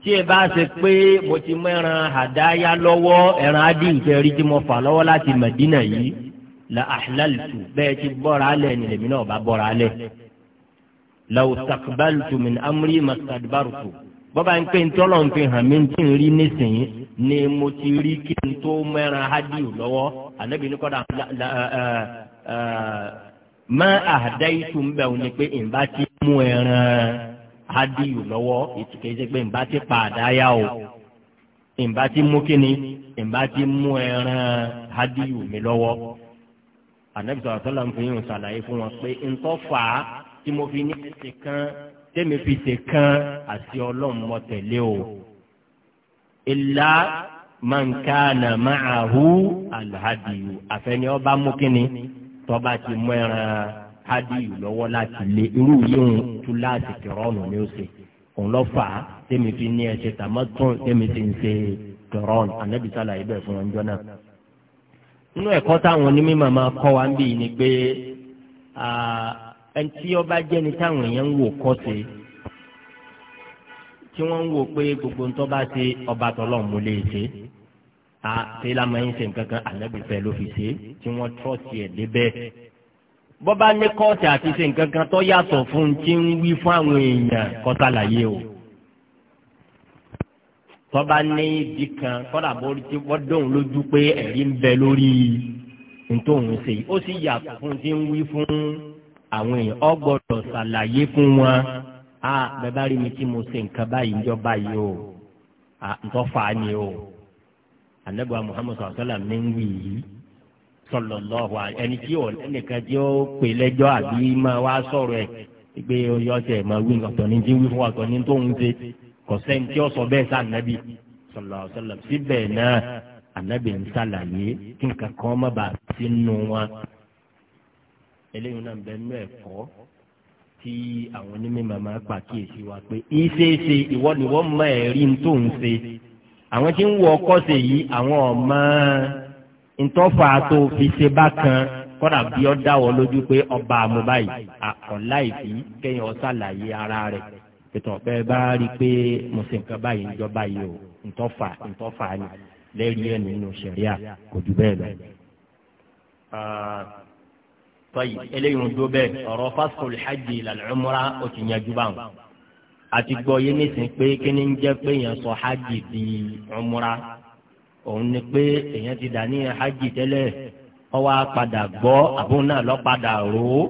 tí ẹ bá ṣe pé mo ti mẹ́ran àdáyá lọ́wọ́ ẹran ádìyí tẹ́ rí tí mo fà lọ́wọ́ láti Mẹ̀dínà yìí la ahlaltu bẹ́ẹ̀ ti bọ́ra alẹ́ ni lèmi náà bá bọ́ra alẹ́ law stakbaltu min amri mastadbartu bọ́ba ń pè ń tọ́lọ̀ ń fi hàn mí ń ń rí nísìnyí ni mo ti rí kí n tó mẹ́ran ádìyí lọ́wọ́ ànábì ní kọ́dà má àdá ìtum bẹ̀ ọ́ ni pé ìbá ti mú ẹran adìyù lọ́wọ́ ìtùkẹ́sẹ́ pé ìbá ti pa àdáyà o ìbá ti mú kíni ìbá ti mú ẹran adìyù mi lọ́wọ́ ànábì sọ̀rọ̀ sọ́la ń fi yín ṣàlàyé fún wọn pé ntọ́ tí mo fi ní ẹsẹ̀ kan tẹ́mi fi ṣe kan àti ọlọ́run mọ tẹ̀lé o. ìlà man kana ma'ahu alhadiyu àfẹ́ni ọba mú kínni tọ́ba ti mú ẹran hádìyù lọ́wọ́ láti lé irú yíyún tún láti kẹrọ́ọ̀nù ní ọ̀sẹ̀ òun lọ fà á tẹ́mi fi ní ẹ̀ṣẹ̀ tàmátún tẹ́mi fi ń ṣe kẹrọ́ọ̀nù ànábì sálàyé bẹ̀ fún ọjọ́ náà. nínú ẹ̀kọ́ táwọn onímọ̀ máa kọ́ wa ń bì ní pé ẹni ọba jẹ́ni táwọn èèyàn ń wò kọ́ sí tí wọ́n ń wò pé gbogbo ń tọ́ bá ṣe ọba tọ́lọ́ lè ṣe a tẹ́lá máa ń ṣe nǹkan kan ànábì fẹ́ ló fi ṣe tí wọ́n tọ́sí ẹ̀ débẹ̀. bọ́bá ní kọ́ọ̀tì àti ṣe nǹkan kan tó yàtọ̀ fún un tí ń wí fún àwọn èèyàn kọ́sàlàyé o. tọ́ba ní ibi kan kọ́dà bórí tí wọ́n dóhùn lójú pé ẹ̀rí ń bẹ lórí ntòhún ṣe ó sì yàtọ̀ fún un tí ń wí fún àwọn èèyàn ó gbọ́dọ̀ ṣàlàyé fún wọn a bẹ́ẹ̀ bá rí mi tí mo ṣe nǹkan báyìí ń jọ báyìí o à ń ni o anabi wa muhammad sallallahu alaihi wa sallam ní ń wí yìí sallallahu ẹni tí ò ẹnìkan tí ó pè lẹ́jọ́ àbí máa wá sọ̀rọ̀ ẹ̀ pé ọyọ ọsẹ máa wí ọ̀tọ̀ ní tí wí fún ọ̀tọ̀ ní tó ń ṣe kò sẹ́ni tí ó sọ bẹ́ẹ̀ sá anabi sallallahu alaihi wa sallam síbẹ̀ náà anabi ń sàlàyé kí nǹkan kan má bàa sínú wọn eléyìí náà bẹ nú ẹ̀kọ́ tí àwọn onímọ̀ máa pàkíyèsí wa pé ìṣeéṣe ìwọ ni wọ́n mọ ẹ̀rí tó ń ṣe àwọn tí ń wọ ọkọ́sẹ̀ yìí àwọn ọmọ ntọ́fà tó fi ṣe bákan kọ́dà bí ọ dáwọ́ lójú pé ọba àmúbá yìí àkọ́lá ìfì kẹ́yìn ọ̀sàlàyé ara rẹ̀ pẹ̀tọ̀ pẹ́ bá rí i pé mùsùlùmí báyìí ìjọba yìí o ntọ́fà ntọ́fà ni lẹ́rìí ẹ̀ nínú sẹ̀ríà kò jù bẹ́ẹ̀ lọ. tọ́yì eléyìí ń dó bẹ́ẹ̀ ọ̀rọ̀ fásitì olùhàjì ìlànà ìmúra ó ti yanjú báwọn. àti gbọ́ yé nísìnyí pé kí ni ń jẹ́ pé hajj di ọmụra òun ni pé èèyàn ti dà ní hajj tẹ́lẹ̀ ọwọ́ padà gbọ́ àbóun náà lọ́ padà rò ó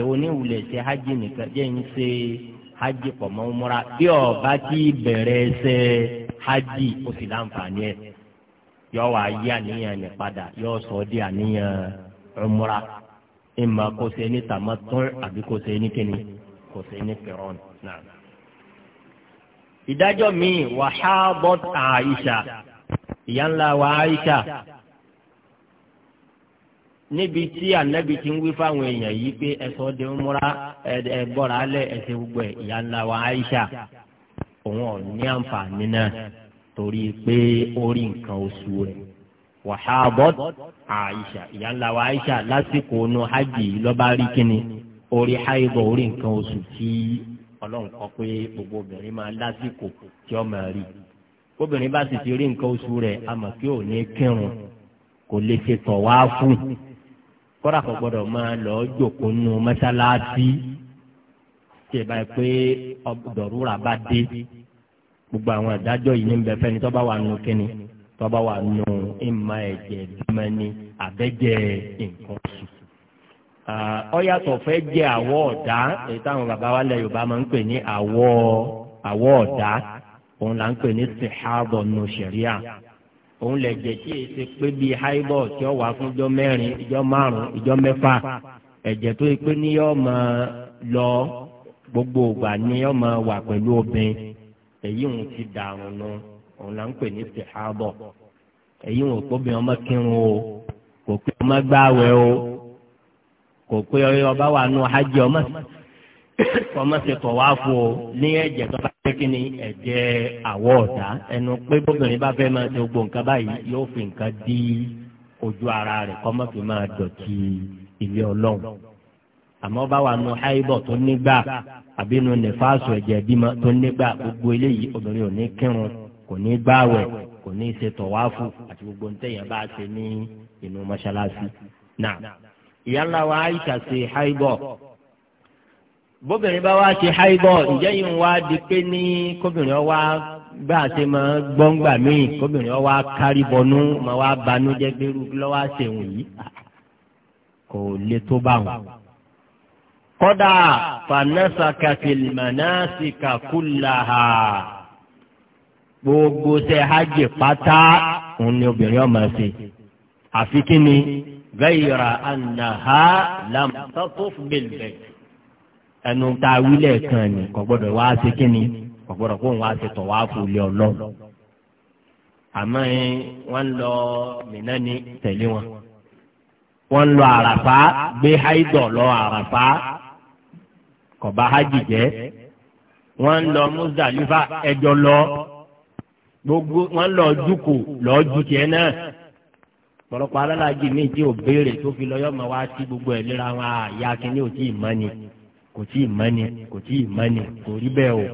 èwo ní ìwúlẹ̀ ṣe hajj nìkan jẹ́ ń ṣe hajj pọ̀ mọ́ umra bí ó hajj ó sì láǹfààní ẹ̀ yọ wá yí àníyàn ní padà yọ sọ di àníyàn ìmọ̀ kò ṣe ní tàmọ́tún àbí kò ṣe ní kíni kò ṣe ní náà. ìdájọ́ míì wàhábọ́t àìṣà ìyá ńlá wa àìṣà níbi tí ànábì ti ń wí fáwọn èèyàn yìí pé ẹsọ de ń múra ẹgbọra alẹ ẹsẹ gbogbo ẹ ìyá ńlá wa Aisha òun ò ní àǹfààní náà torí pé ó rí nǹkan oṣù rẹ̀ wàhábọt Aisha ìyá ńlá wa Aisha lásìkò ọnà hajj lọba rí kíni orí haibọ orí nǹkan oṣù tí ọlọ́run kọ pé gbogbo obìnrin máa lásìkò tí ọmọ rí obìnrin bá sì ti rí nǹkan oṣù rẹ̀ àmọ́ kí ò ní kírun kò lè ṣe tọ̀ wá fún kọ́ra kò gbọ́dọ̀ máa lọ jòkó nu mọ́sálásí tí ẹ báyìí pé ọ̀dọ̀rúra bá dé gbogbo àwọn ìdájọ́ yìí ń bẹ fẹ́ni tó wà nù kínní tó wà nù ìmọ̀ ẹ̀jẹ̀ bímọ ni àbẹ́jẹ̀ nǹkan oṣù ọ̀yàtọ̀ fẹ́ jẹ́ àwọ̀ ọ̀dá èyí táwọn bàbá wa lẹ yorùbá máa ń pè ní àwọ̀ àwọ̀ ọ̀dá òun là ń pè ní sèhábọ̀ nù sẹ̀ríà òun lè jẹ́ tí èyí ti pé bíi háìbọ̀ tí ó wà fún ijọ́ mẹ́rin ijọ́ márùn-ún ijọ́ mẹ́fà ẹ̀jẹ̀ tó yẹ pé ní yọ́ máa lọ gbogbo ìgbà ni yọ́ máa wà pẹ̀lú obìnrin èyí òun ti dàrún nù òun là ń pè ní sèhábọ̀ èyí òun kó bí ọmọ kírun kò pé ọba wà nù hajj ọmọ ọmọ o ní ẹ̀jẹ̀ tó bá pé kí ni ẹ̀jẹ̀ àwọ̀ ọ̀dá ẹnu pé bóbìnrin bá fẹ́ máa ṣe nǹkan báyìí yóò fi nǹkan dí ojú ara rẹ̀ kọ́ mọ́ fi máa dọ̀tí ilé ọlọ́run àmọ́ haibọ̀ tó nígbà àbí nífàsù ẹ̀jẹ̀ bímọ tó nígbà gbogbo eléyìí obìnrin ò ní kírun kò ní gbààwẹ̀ kò ní ṣe àti gbogbo ìyá ńlá wa Aisha ṣe haibọ̀ bóbìnrin bá wá ṣe haibọ̀ ìjẹ́ yìí ń wá di pé ní kóbìnrin ọwá bá a ṣe máa gbọ́ngbà míì kóbìnrin ọwá kárí bọnú máa wá banú jẹ́ gbérú lọ́wọ́ àṣẹ̀wọ̀n yìí kò lè tó bá wọn. kódà fanasakatil manasika kullaha gbogbo ṣe hajj pátá òun ni obìnrin ọmọ ṣe àfi kí ni gẹ́yìrà ànàhà làmùtọ́fọ́f bẹ̀lbẹ̀. ẹnu ta wílẹ̀ kan ni kò gbọ́dọ̀ wá sí kínni kò gbọ́dọ̀ kó wá sí tọ̀ wá fúlẹ̀ ọlọ́. àmọ́ ẹ wọ́n lọ mìíràn ní tẹ̀lé wọn. wọ́n lọ àràfá gbé haidọ̀ lọ àràfá kò bá hajj jẹ́. wọ́n lọ Muzdalifa ẹjọ́ lọ gbogbo wọ́n lọ jùkù lọ́ọ́ jù náà pọ̀lọpọ̀ alálàájì míì tí ò béèrè tó fi lọ́yọ́ mọ̀ wá sí gbogbo ẹ̀ léra wọn àyà kínní ò tí ì mọ́ni kò tí ì mọ́ni kò tí ì mọ́ni kò rí bẹ́ẹ̀ o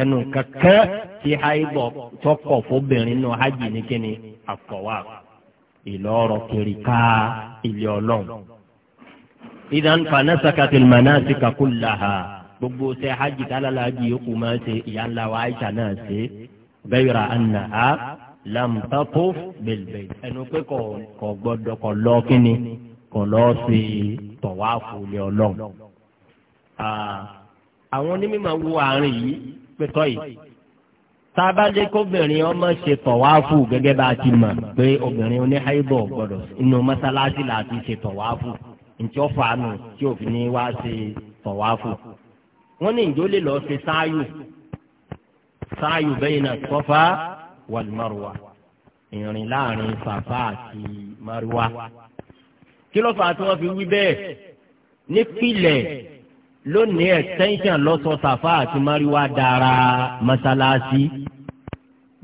ẹnu kankan tí haibọ tọkọ fóbìnrin nù hajj ní kíni àfọwà ìlọrọ kiri ká ilé ọlọ́run. idan fanasakati manasika kullaha gbogbo ṣe hajj tálálàájì yòókù máa ṣe ìyá ńlá wa aisha náà ṣe bẹ́ẹ̀ yọra àná lamtatof bilbait ẹnu pé kò gbọ́dọ̀ kò lọ kíni kò lọ sí tọwáfù lé Ọlọ́run. àwọn onímọ̀ wo àárín yìí pẹ̀tọ́ yìí tábàdé kóbìnrin ọmọ ṣe tọwáfù gẹ́gẹ́ bá a ti mọ̀ pé obìnrin oníhàìbọ̀ gbọ́dọ̀ inú mọ́sálásí láti ṣe tọwáfù ntí ó fàánù tí òfin ní wá ṣe tọwáfù. wọ́n ní ìjọ lè lọ ṣe sáàyù sáàyù bẹ́yìn náà tọ́fà wal marwa ìrìn láàrin Safa àti Marwa kí ló fà á tí wọ́n fi wí bẹ́ẹ̀ nípìlẹ̀ lónìí extension lọ́sọ̀ Safa àti Marwa dára mọ́sálásí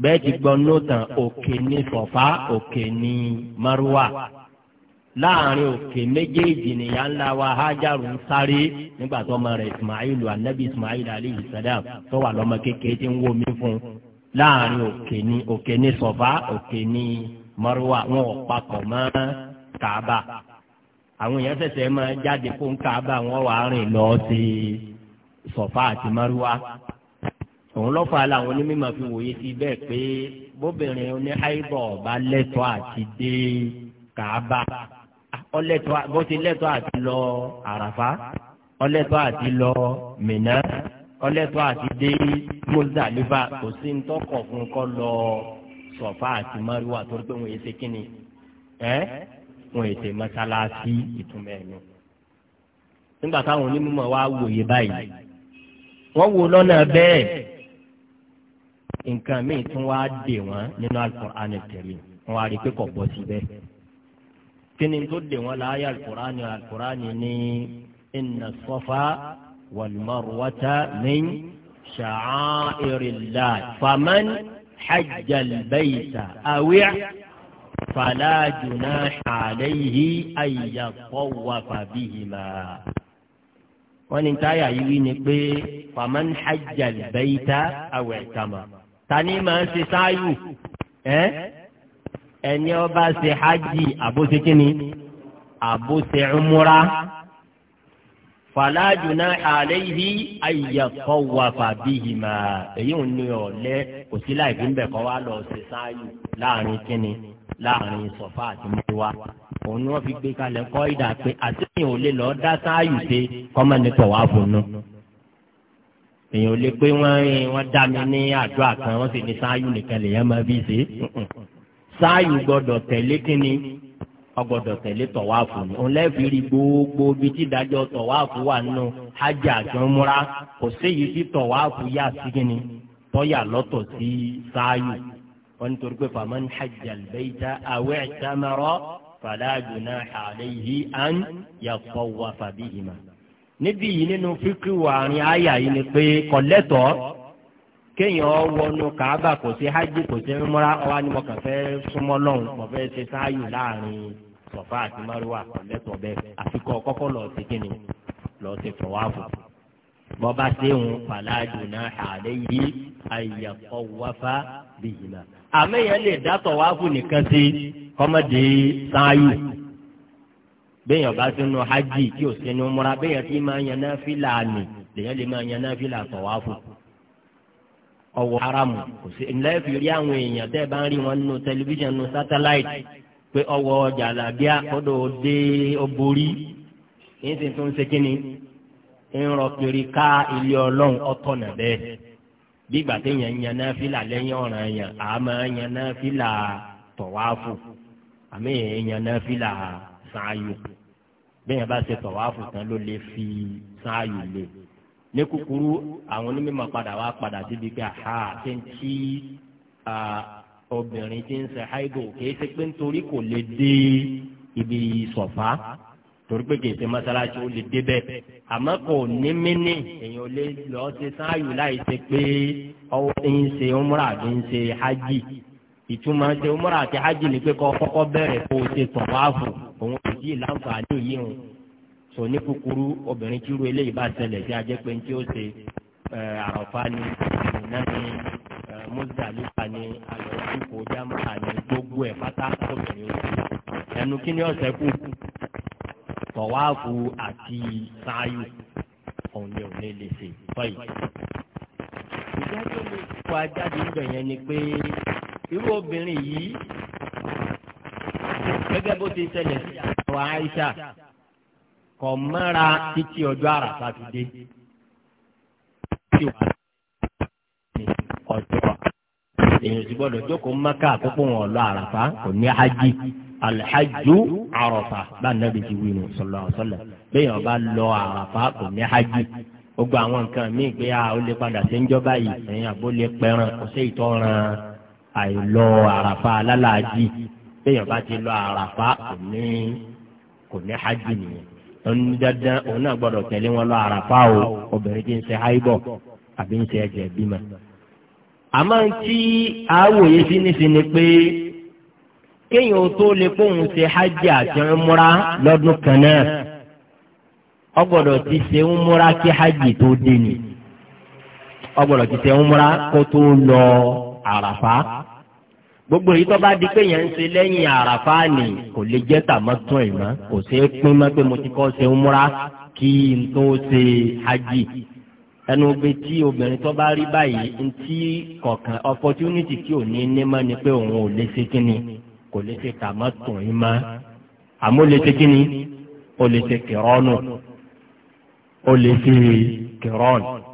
bẹ́ẹ̀ ti gbọ́ nóòtàn òkè ní Safa òkè ní Marwa láàrin òkè méjèèjì nìyá ńlá wa hajaru ń sáré nígbà tó ọmọ rẹ̀ ismail anabi ismail alayhi salam tó wà lọ́mọ kékeré tí ń wo mi fún un láàrin òkè ní òkè ní sọ̀fà òkè ní mọ́rúwà wọn ò papọ̀ mọ́ kàába àwọn èèyàn ṣẹ̀ṣẹ̀ máa jáde fún kàába wọn wà á rìn lọ sí sọ̀fà àti mọ́rúwà òun lọ́fà làwọn onímọ̀ fi wòye sí bẹ́ẹ̀ pé bóbìnrin oní àìbọ̀ bá lẹ́tọ̀ọ́ àti dé kàába bó ti lẹ́tọ̀ọ́ àti lọ àràfá ọlẹ́tọ̀ọ́ àti lọ mìíràn ọlẹ́tọ́ àti dé Muzdalifa kò sí ń tọkọ̀ fún kọ́ lọ Sọ̀fà àti Márùwà torí pé wọ́n yé ṣe kínni ẹ́ wọ́n yé ṣe mọ́sálásí ìtumọ̀ ẹ̀yìn. nígbà táwọn onímọ̀ wa wòye báyìí wọ́n wo lọ́nà bẹ́ẹ̀ nǹkan míì tún wá dè wọ́n nínú Al-Qur'an al wọ́n wá rí i pé kò bọ́ síbẹ̀ kí ni tó dè wọ́n láyé Al-Qur'an Al-Qur'an inna Sọ̀fà. والمروة من شعائر الله فمن حج البيت أو فلا جناح عليه أن يطوف بهما wọ́n ní táyà yìí wí ni pé faman hajj albayta aw i'tama tani máa ń ṣe sáyù ẹ ẹni ó bá ṣe hajj àbóṣe kínní àbóṣe umura fala junaha alayhi ayyatawafa bihima èyí ò ní ọ̀lẹ́ kò sí láì fi ń bẹ̀ kọ́ wá lọ sí sáyù láàrin kínni láàrin sọ̀fà àti mọ́tíwá òun ni wọ́n fi gbé kalẹ̀ kọ́ ìdá pé àtẹ̀yìn ò lè lọ dá sáyù dé kọ́mọ̀ ní tọ̀wá èyàn ò lè pé wọ́n wọ́n dá mi ní àdúrà kan wọ́n sì ní sáyù nìkan lèyàn máa bí ṣe. sáyù gbọ́dọ̀ tẹ̀lé kínni ọgbọ́dọ̀ tẹ̀lé tọ̀wáàfù ni òun lẹ́ẹ̀fì rí gbogbo ibi tí ìdájọ́ tọ̀wáàfù wà nínú hajj àjọmúra kò séyìí tí tọ̀wáàfù yà sí kíni tọ́yà lọ́tọ̀ sí sáàyù wọn nítorí pé faman hajja al-bayta aw i'tamara fala junaha alayhi an yatawwafa bihima. níbí yìí nínú fíkì wàrin àyà yìí ni pé kọ̀lẹ́tọ̀ kéèyàn wọnú kàábà kò sí hajj kò sí múra ọ̀wá ni mo súnmọ́ lọ́hùn mo fẹ́ ṣe sáàyù láàrin sọ̀fà àti márùwà lẹ́tọ̀ bẹ́ẹ̀ àfikọ́ kọ́kọ́ lọ sí kíni lọ sí tọ̀wáfù. bọ́bá séhùn fàlàjù náà àlẹ́ yìí àyàkọ́ wáfà bìyìnà. àmì yẹn lè dá tọ̀wáfù nìkan sí kọ́mọ́dé sáyù. béèyàn bá sínú hajj tí ò sínú múra béèyàn tí máa yan náà fìlà àmì lèyàn lè máa yan náà fìlà tọ̀wáfù ọwọ́ haramu kò sí ẹ̀ lẹ́ẹ̀fì rí àwọn èèyàn tẹ́ bá ń rí wọn nínú tẹlifíṣàn nínú sátáláìtì pé ọwọ́ jàlábíà kọ́dọ̀ dé ọborí kì í sì tún ṣe kí ni ń rọ kiri ká ilé ọlọ́run ọ̀tọ̀nà bẹ́ẹ̀ bí ìgbà téèyàn ń yan náfìlà lẹ́yìn ọ̀ràn yẹn a máa yan náfìlà tọ̀wáfù àmì èèyàn náfìlà sáàyò bẹ́ẹ̀ bá ṣe tọ̀wáfù tán ló lè fi sáàyò lè ní kúkúrú àwọn onímọ̀ padà wá padà síbi pé àhà ṣe ń tí obìnrin tí ń ṣe haibo kìí ṣe pé nítorí kò lè dé ibi sọ̀fà torí pé kìí ṣe mọ́sálásí ó lè débẹ̀ àmọ́ kò ní mínì èèyàn lè lọ ṣe sáàyù láì ṣe pé ọwọ́ ń ṣe umrah àbí ń ṣe hajj ìtumọ̀ ṣe umrah àti hajj ni pé kọ́ kọ́kọ́ bẹ̀rẹ̀ kó o ṣe tọ̀wáàfù òun kò sí ìlànà àdéhùn yìí sọ ní kúkúrú obìnrin tí irú eléyìí bá ṣẹlẹ̀ sí ajẹ́pẹ́ ní tí ó ṣe Eh, àràfà ni ìná ni eh, Muzdalifa ni àlọ́sí kò jámà ni gbogbo ẹ̀ pátá obìnrin o ẹnu kí ni ọ̀sẹ̀ kù tọ̀wáàfù àti sáyù òun ni òun lè ṣe báyìí. ìjà tó lè kó ajáde ń bẹ̀ yẹn ni pé irú obìnrin yìí gẹ́gẹ́ bó ti ṣẹlẹ̀ sí àwọn Aisha kò mọ́ra títí ọjọ́ àràfà ti dé tí wà ní ọjọ́ èèyàn ti gbọ́dọ̀ jókòó mẹ́kà àkókò wọn lọ àràfà kò ní hajj alhajju àràfà bá nàbì ti wí nù sọlọ sọlọ bẹ́ẹ̀ yẹn bá lọ àràfà kò ní hajj gbogbo àwọn nǹkan míì pé a ah, ó lè padà sí njọba yìí ẹ̀yìn àbó pẹ́ràn kò sí ìtọ́ràn àìlọ àràfà alálàájì bẹ́ẹ̀ yẹn bá ti lọ àràfà kò ní kò ní hajj nìyẹn. ń dandan òun náà gbọ́dọ̀ tẹ̀lé wọn lọ àràfà o obìnrin tí ń ṣe háìbọ̀ àbí ń ṣe ẹ̀jẹ̀ bímọ. àmọ́ tí a ni pé kéèyàn tó lè ṣe hajj àti umra lọ́dún kan náà ó gbọ́dọ̀ ti ṣe umra kí hajj tó dé ni ó gbọ́dọ̀ ti ṣe kó tó lọ àràfà. gbogbo èyí tó bá di pé yẹn ń ṣe lẹ́yìn àràfá ni kò lè jẹ́ tàmọ́tún ẹ̀ mọ́ kò ṣeé pín mọ́ pé mo ti kọ́ ṣe ń múra kí n tó ṣe hajj ẹnu gbé tí obìnrin tó bá rí báyìí ń tí kọ̀ọ̀kan opportunity tí ò ní ní mọ́ ni pé òun ò lè ṣe kíni kò lè ṣe tàmọ́tún ẹ̀ mọ́ àmọ́ lè ṣe kíni ó lè ṣe kìrọ́nù ó lè ṣe kìrọ́nù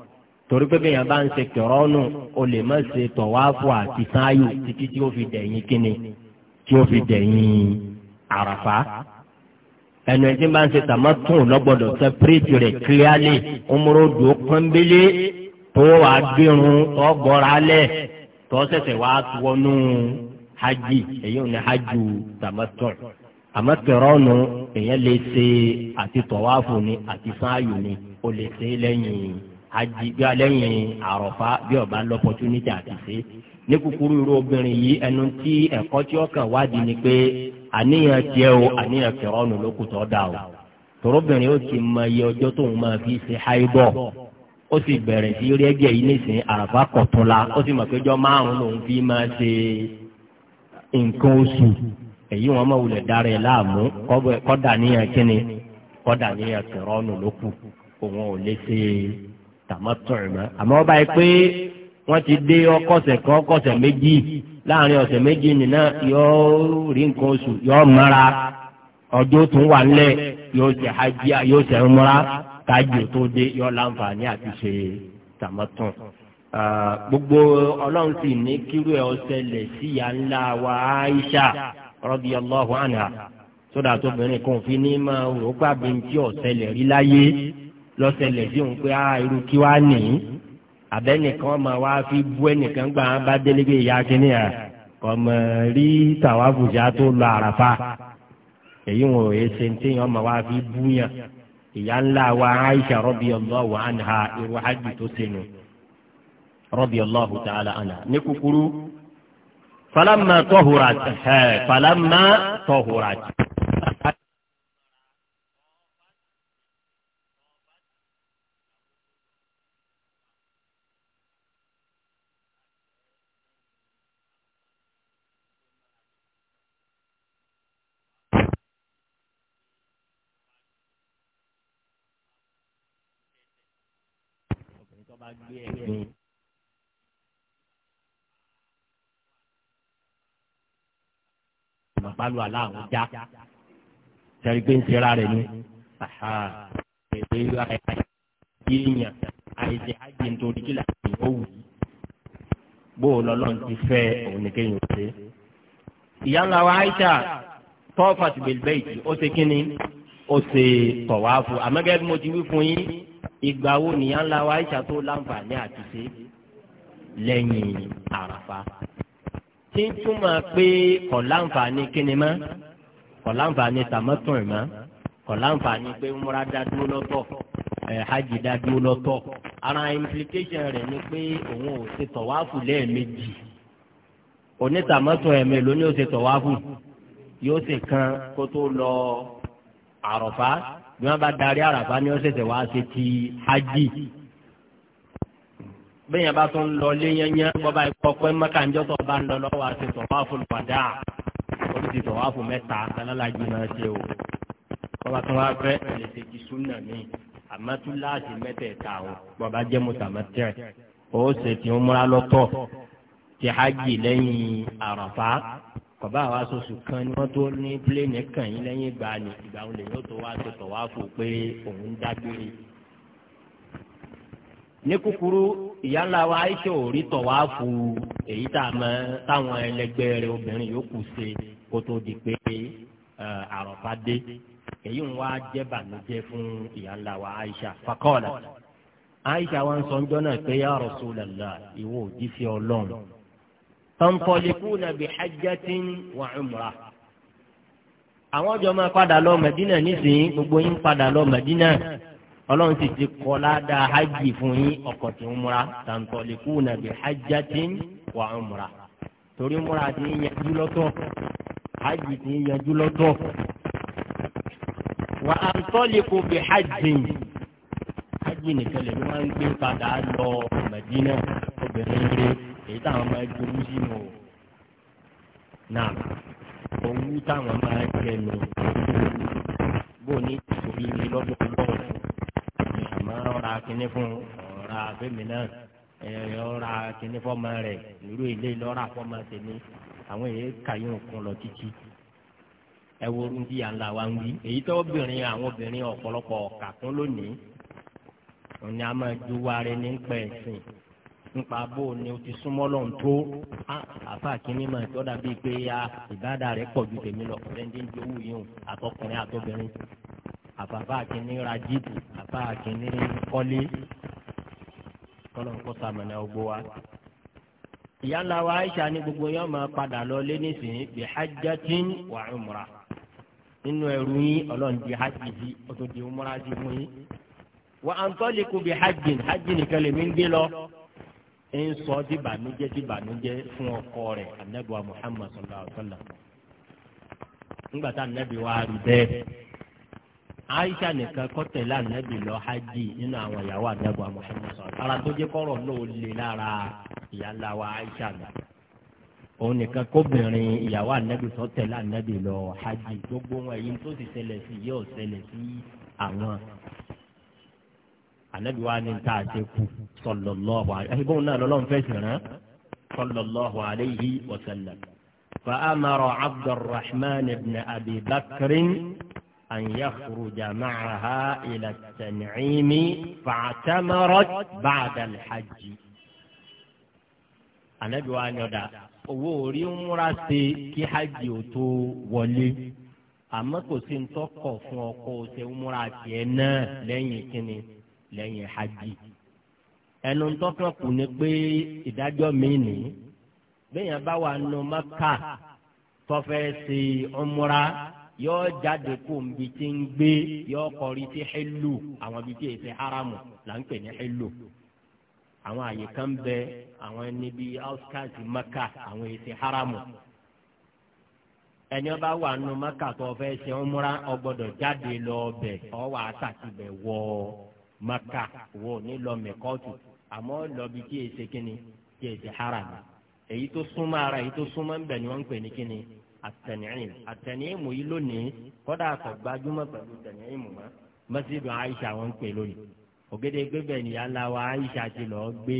torí pé bẹ́ẹ̀ yẹn bá ń ṣe kẹ̀rọ́nù o lè má ṣe tọ̀wáfù àti sáyù títí tí ó fi dẹ̀yìn kíni tí ó fi dẹ̀yìn àràfà ẹnu ẹtí bá ń ṣe tàmátù lọ́gbọ̀dọ̀ ṣe pírìtì rẹ̀ kílíálì ọmọròdù pọ́nbélé tó wà gbẹ̀rún tó gbọ́ra alẹ́ tó ṣẹ̀ṣẹ̀ wá wọnú hajj èyí ò ní hajj tàmátù àmọ́ kẹ̀rọ́nù èyàn lè ṣe àti tọ̀wáfù ni àti sáyù ni o lè ṣe lẹ́yìn àjìgbà lẹ́yìn àròfá bí ọba lọ́pọ̀túnìtì àti ṣe ní kúkúrú irú obìnrin yìí ẹnu tí ẹ̀kọ́ tí ọkàn wádìí ni pé àníyàn tiẹ̀ o àníyàn da o ó ti mọ iye ọjọ́ tóun máa fi ṣe háìbọ̀ ó sì bẹ̀rẹ̀ sí rẹ́gẹ̀ yìí nísìn àràfá kọ̀túnla ó sì mọ̀ jọ márùn fi máa ṣe nǹkan oṣù èyí wọn máa wulẹ̀ dára ẹ̀ láàmú kọ́dà níyàn kíni kọ́dà níyàn ló tàmọ́tún mọ́ àmọ́ ọba yìí pé wọ́n ti dé ọkọ̀sẹ̀ kan ọkọ̀sẹ̀ méjì láàrin ọ̀sẹ̀ méjì nìna yóò rí nǹkan oṣù yóò mara ọjọ́ tún wà nílẹ̀ yóò ṣe hajj yóò ṣe múra kájú tó dé yóò láǹfààní àti ṣe tàmọ́tún. gbogbo ọlọ́run sì ní kírú ẹ̀ ọ̀sẹ̀ lẹ̀ síyà ńlá wa Aisha radiyallahu anha sódà tóbìnrin kan fi ní máa rò pàbí ní tí rí láyé lọ́sẹ̀lẹ̀ sí òun pé á ah, irú kí wá nì í àbẹ́nìkan máa wá fi bú ẹnìkan gbà á ah, bá délé pé ìyá kínní à ọmọ rí tàwáfùjá tó lọ àràfà èyí wọn ò yẹ ṣe ń téèyàn máa wá fi bú yàn ìyá ńlá wa Aisha radiyallahu anha irú hajj tó sẹnu radiyallahu ta'ala anha ní kúkúrú falamma tọhùrà tẹ falamma tọhùrà tẹ. mọ̀ pálù aláwọn já sẹ́rí pé ń sera rẹ̀ ni èdè yíyan àìsè àjẹ nítorí kí làwọn èèyàn wù í bó o lọ́lọ́run ti fẹ́ òun ní kéèyàn ṣe. ìyá ńlá wa Aisha tọ́fàtì bilbayti ó ṣe kí ni ó ṣe tọ̀wáfù àmọ́gẹ́ bí mo ti wí fún yín ìgbà wo nìyá ńlá wa Aisha tó láǹfààní àti ṣe lẹ́yìn àràfà tí ń túmọ̀ pé kò láǹfààní kíni mọ́ kò láǹfààní tàmọ́tún ẹ̀ mọ́ kò láǹfààní pé múra dádúró lọ́tọ̀ ẹ̀ hajj dádúró lọ́tọ̀ ara implication rẹ̀ ni pé òun ò ṣe tọ̀wáfù lẹ́ẹ̀mejì onítàmọ́tún ẹ̀mẹ́ ló ní ó ṣe tọ̀wáfù yóò ṣe kan kó tó lọ àròfá bí wọ́n bá darí àràfá ni ó ṣẹ̀ṣẹ̀ wá ṣe ti hajj bẹ́yàn bá tún lọ lé yẹnyẹn bọ́ba ikọ̀ pé mọ́kànjọ́ tó bá ń lọ lọ́wọ́ àti tọ̀wáfù lùpàdà orí ti tọ̀wáfù mẹ́ta alálàjì náà ṣe o bọ́ba tún wá fẹ́ lè ṣe ti súnà mí àmọ́ tún láàṣì mẹ́tẹ̀ẹ̀ta àwọn bọ́ba jẹ́ mùsàmẹ́tẹ̀ ó ṣe ti ń múra lọ́tọ̀ ti hajj lẹ́yìn àràfá bàbá àwa sọ̀sù kan ni wọ́n tó ní pílẹ̀nì kàn yín lẹ́yìn ìgbà ni ìgbà òun lè yóò tó wá ṣe tọ̀wáfù pé òun dágbére ní kúkúrú ìyá ńlá wa Aisha ò rí tọ̀wáàfù èyí tá a mọ táwọn ẹlẹgbẹ́ rẹ̀ obìnrin yòókù ṣe kó tó di pé àròfá dé èyí ń wá jẹ́ bànújẹ́ fún ìyá wa Aisha fakọ́ọ̀lá Aisha wa ń sọ ń jọ́nà pé ya Rasulallah ìwọ òjì fi ọlọ́run tantalikuna bi hajjatin wa umrah àwọn jọ máa padà lọ Mẹdínà nísìnyí gbogbo yín padà lọ Mẹdínà ọlọ́run sì ti kọ́ ládàá hajj fún yín ọkọ̀ tí ń múra tàǹtọ̀lẹ́kù nàbí hajjatin wà ń múra torí múra ti ń yanjú lọ́tọ̀ hajj ti ń yanjú lọ́tọ̀ wà á tọ́lẹ́kù bí hajj hajj nìkan lè máa ń gbé padà lọ Mẹdínà obìnrin rẹ èyí táwọn máa jowú sínú o náà owó táwọn máa jẹ nù bó ní ìsòrí lọ́dọ̀ lọ́wọ́ màmá rọra kíní fún ọ̀ra fẹ́mi náà ọ̀ra kíní fọ́mọ rẹ̀ irú ilé lọ́ra fọ́mọ tèmi àwọn èyí kàyún òkun lọ títí ẹ wo ohun tí yàrá wa ń wí èyí tó obìnrin àwọn obìnrin ọ̀pọ̀lọpọ̀ kàkún lónìí òun ni a máa ju wáre ní pẹ̀sìn nípa bó ni o ti súnmọ́ lọ́n tó àfa kínní máa tó dàbí pé ya ìbáda rẹ̀ pọ̀ ju tèmi lọ lẹ́ndí ń jowú yìí o àtọkùnrin àtọbìnrin àfàfà kínní ra jíìpù àfà kínní kọ́lé kọ́lọ́n sàmìnà ọgbó wa. ìyá ńlá wa Aisha ní gbogbo yóò máa padà lọ lé nísìnyí bí hajjatin wa umra nínú ẹrù yín ọlọ́run hajj sí ọtún di sí fún yín. wa antaliqu bí hajjin hajj nìkan lèmi ń gbé lọ. ń sọ dìbànújẹ́ dìbànújẹ́ fún ọkọ rẹ̀ anabiwa muhammad sallallahu alaihi wa rí aisha nìkan kọtẹlẹ anabi lọ hajj nínú àwọn ìyàwó anabiwa muhammad sallallahu ara tó jẹ kọrọ náà ó wa aisha náà òun nìkan kóbìnrin ìyàwó anabi sọtẹlẹ anabi lọ hajj gbogbo wọn èyí tó sì ṣẹlẹ̀ sí yóò ṣẹlẹ̀ sí àwọn ànábì wa ní ta àti kú sallallahu alaihi bóun náà lọ́lọ́run fẹ́ sìn rán sallallahu alaihi wa sallam. فأمر عبد الرحمن بن أبي بكر أن يخرج معها إلى التنعيم فاعتمرت بعد الحج ànábì wa ni ọ̀dà owó orí ń múra sí kí hajj ò tó wọlé àmọ́ kò sí ń tọkọ̀ fún ọkọ̀ ṣe múra tiẹ̀ náà lẹ́yìn kínní lẹ́yìn hajj ẹnu tọ́tọ́ kù ni pé ìdájọ́ mi nì bẹ́yẹn bá wà nù maka tọ́fẹ́ ṣe ọmúra yóò jáde kó nbi tí ń gbé yóò kọrí sí hílù àwọn ibi tí èsì haramu là ń pè ní hílù àwọn àyè kan bẹ àwọn níbi outskirts Mẹ́kà àwọn èsì haramu ẹni ọba wà nù maka tọ́fẹ́ ṣe ọmúra ó gbọ́dọ̀ jáde lọ bẹ̀ ọ wà á tàkì bẹ̀ wọ́ọ́. maka wo ni lọ mẹkọọtù àmọ́ lọbi tí yẹ ṣe kíni tí yẹ ṣe harami èyí tó súnmọ́ ara èyí tó súnmọ́ ń bẹ ni wọn ń pè ní kíni àtẹnìyìn àtẹnìyìn yìí lónìí kódà àtọ gbajúmọ̀ pẹ̀lú àtẹnìyìn mọ mọsídù Aisha wọn ń pè lónìí ògèdè gbẹbẹ nìyá la Aisha ti lọ gbé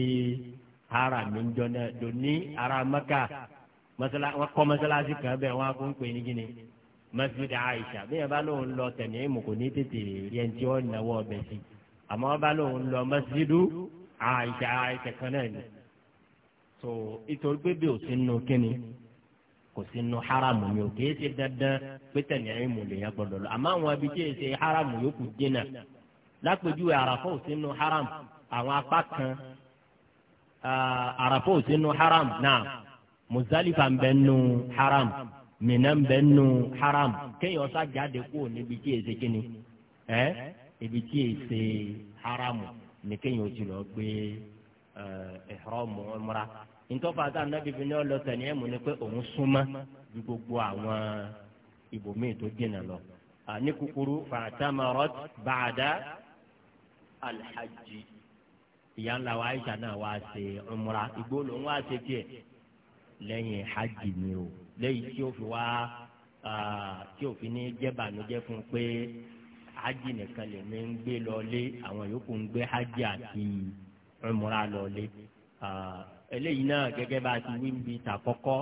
harami ń jọ náà lónìí ara maka wọn kọ́ mọ́sálásí kan bẹ́ẹ̀ wọn kò ń pè ní kíni mọsídù Aisha bí yẹn bá lóun lọ tẹnìyìn mọ kò ní tètè rí wọn náwó ọbẹ sí àmọ́ bá lóun lọ mọ́sídú àìsà ìtẹ̀kan náà ni. so ìtòrí pé bí ò sí nu kíni kò sí nu haramu ni o kì í ṣe dandan pé tẹ̀lé ìmù lèyàn gbọdọ̀ lọ àmọ́ àwọn abí tí ì ṣe haramu yòókù dínà lápèjúwe àràfọ́ ò sí nu haramu àwọn apá kan ah, àràfọ́ ò nu haramu náà muzalifa ń bẹ nu haramu mina ń bẹ nu haramu kéèyàn sá jáde kúrò níbi tí ì ṣe ibi tí è ṣe haramu ní kéèyàn ojú lọ gbé ihramu umra ntọ́fà tá anábì fi ní ọlọ́tẹ̀ ní ẹ̀mú ni pé òun súnmọ́ ju gbogbo àwọn ibòmíì tó dènà lọ. ní kúkúrú fa'tamarat ba'da alhajji ìyá ńlá wa Aisha náà wá ṣe umra igbó lòun wá ṣe tiẹ̀ lẹ́yìn hajj ni o lẹ́yìn tí ó fi wá tí ó fi ní jẹ́ bànújẹ́ fún pé hajj nìkan lè mi ń gbé lọlé àwọn yòókù ń gbé hajj àti umrah lọlé eléyìí náà gẹ́gẹ́ bá a ti wí bí tàkọ́kọ́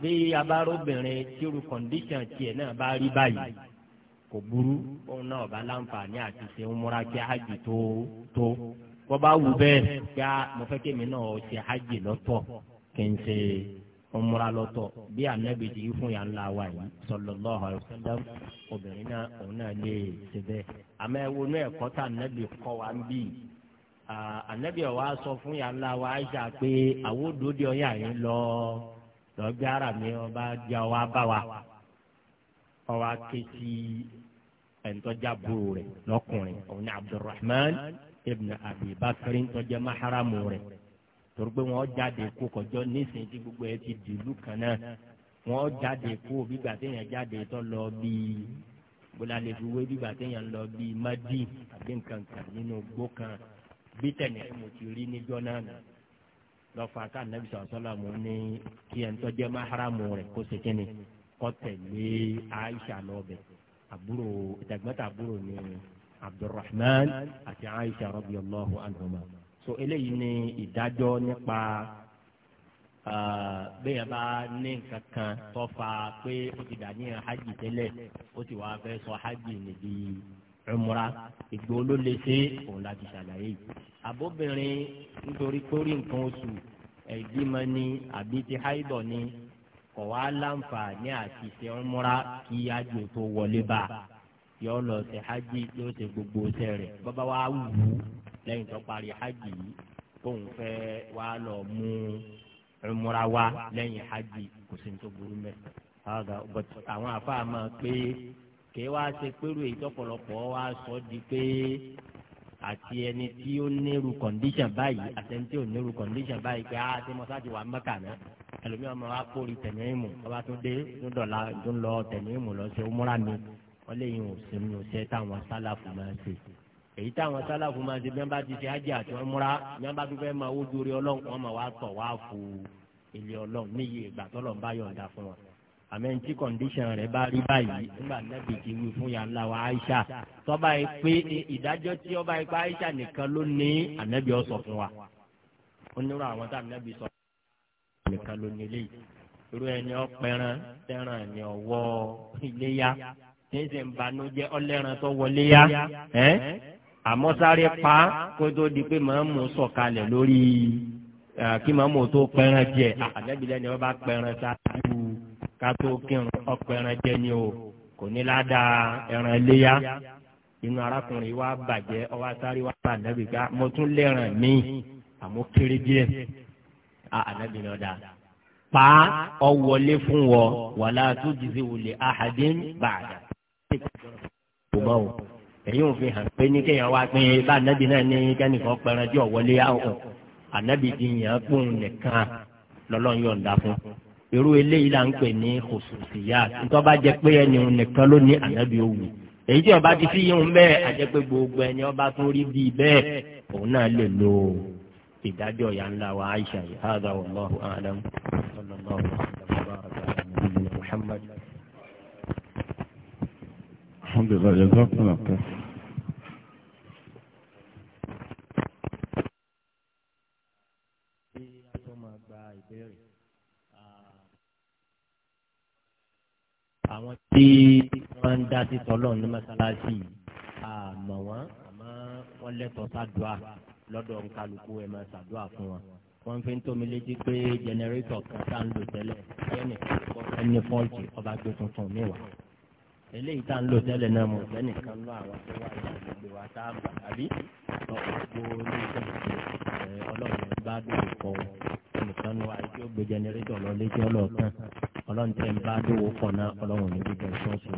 bí abárobìnrin tíru kọ̀ǹdíṣàn tiẹ̀ náà bá rí báyìí kò burú òun náà bá láǹfààní àti ṣe umrah kí hajj tó tó bọ́ bá wù bẹ́ẹ̀ kí a mo náà ṣe hajj lọ́tọ̀ kí n ṣe ọmọra lọ́tọ̀ bí anabi ti fún yà ńlá wa yìí sallallahu alaihi wasallam obìnrin náà òun náà lè ṣe bẹ́ẹ̀ àmọ́ ẹ wo inú ẹ̀kọ́ tá anabi kọ́ wa ń bì anabi ọ wa sọ fún yà ńlá wa Aisha pé àwọn òdòdó ọyà lọ lọ ara mi ọba jẹ ọwọ abá wa ọwọ akéjì ẹnitọ́jàbó rẹ lọkùnrin òun Abdulrahman ibn Abi Bakr maharamu rẹ torí pé wọ́n jáde kó kọjọ́ nísìnyí tí gbogbo ẹ ti dìlú kan náà wọ́n jáde kó bígbà téèyàn jáde tó lọ bíi bóla lè fi wé bígbà téèyàn lọ bíi madi àbí nǹkan kan nínú gbó kan bí tẹ̀lé mo ti rí níjọ́ náà nà lọ́fà ká nàbì sọ̀sọ́lá ní kí ẹ̀ ń tọ́jẹ́ máhàrámù rẹ̀ kó ṣe kíni kọ́ tẹ̀lé Aisha lọ́bẹ̀ àbúrò ìtàgbẹ́ta àbúrò ní Abdulrahman àti Aisha radiyallahu anhuma so eléyìí ni ìdájọ́ nípa bẹ́ẹ̀ bá ní nǹkan kan tọ́fà pé ó ti dà ní hajj tẹ́lẹ̀ ó ti wá fẹ́ sọ hajj níbi umra ìgbó ló lè ṣe òun láti ṣàlàyé yìí àbóbìnrin nítorí kórì nǹkan oṣù ẹ̀gbìmọ̀ ni àbí ti haidọ̀ ni kò wá láǹfààní àti ṣe umra kí hajj tó wọlé bá yọ lọ ṣe hajj yóò ṣe gbogbo ṣe rẹ̀ bàbá wa wù ú lẹ́yìn tó parí hajj yìí tóun fẹ́ wá lọ mú umra wá lẹ́yìn hajj kò sí ní tó burú mẹ́. àwọn àfa máa pé kèé wá ṣe pérò èyí tọ́pọ̀lọpọ̀ wá sọ di pé àti ẹni tí ó nírú kọ̀ǹdíṣàn báyìí àti ẹni tí ò nírú kọ̀ǹdíṣàn báyìí pé àti ah, mọ́tà wà mẹ́kà náà ẹlòmíràn máa wá kórìí tẹ̀míìmù ọba tó dé tó dọ̀la tó ń lọ tẹ̀míìmù lọ sí umra mi wọ́n lè yin òsínú ṣe táwọn sálàfù máa ṣe èyí táwọn sálàfù máa ṣe bí wọn bá ti ṣe ájì àti wọn múra bí wọn bá tún fẹ́ máa wó dórí ọlọ́run wọn máa wá tọ̀ wá fò ilé ọlọ́run níyì ìgbà tọ́lọ̀ ń bá yọ̀ǹda fún wọn. àmọ́ ẹni tí kọ̀ǹdíṣàn rẹ̀ bá rí báyìí nígbà nẹ́bì ti wí fún yàrá wa Aisha tọ́ba yìí pé ìdájọ́ tí ọba yìí pé Aisha nìkan ló ní ànẹ́bì ọ sọ fún wa. ó nírò àwọn tá ànẹ́bì sọ nìkan ló ní léyìí. irú ẹni ọpẹran tẹran ẹni ọwọ́ iléyà àmọ́ sáré pa kó tó di pé màámu sọ̀kalẹ̀ lórí kí màámu tó pẹran jẹ àdébìlẹ̀ ni wọ́n bá pẹran ṣáájú ká tó kírun ọpẹran jẹ ni o kò ní ládàá ẹran léyà inú arákùnrin wa bàjẹ́ ọwọ́ sáré wa bá ànábì ká mo tún lẹ́ràn mí àmọ́ kéré díẹ̀ ànábì náà dáa pa ọwọlé fún wọ wàlá tó jìzì wòlé àhàdín bàdà èyí ò fi hàn pé ní kéèyàn wá pé bá ànábì náà ní kẹ́nìkan pẹran tí ọ̀wọ́lé àwọn ànábì ti yàn kún nìkan lọ́lọ́run yọ̀ǹda fún irú eléyìí là ń pè ní kòsùsìyà tó bá jẹ pé ẹni nìkan ló ní ànábì òwú èyí tí ọba ti fi yíhun bẹ́ẹ̀ àjẹ́ gbogbo ẹni ọba tó rí bíi bẹ́ẹ̀ òun náà lè lo ìdájọ́ ìyá ńlá wa Aisha yìí hàdà wallahu a'lam sallallahu alaihi wa sallam Alhamdulillah jazakumullah khair. àwọn tí wọ́n ń dá sí tọ́lọ́run ní mọ́sálásí àmọ́ wọn àmọ́ wọ́n lẹ́tọ̀ọ́ sádùá lọ́dọ̀ nkálukú ẹ̀ máa sàdúà fún wọn. wọ́n fi ń tómi létí pé jẹnẹrétọ̀ kan tá ń lò tẹ́lẹ̀ ẹnì kan ní fọ́ọ̀tì ọba gbé tuntun mi wá. eléyìí tá ń lò tẹ́lẹ̀ náà mo fẹ́ nìkan lọ àwọn tó wà ní àgbègbè wa tá a gbà àbí ọ̀pọ̀ bá dòwò pọ̀ ẹnìkan nu àìsí ó gbé jẹnẹrétọ̀ lọ létí ọlọ́ọ̀tàn ọlọ́run tẹ́ ń bá dòwò pọ̀ náà ọlọ́run ní bíbẹ̀ ṣọ́ọ̀ṣì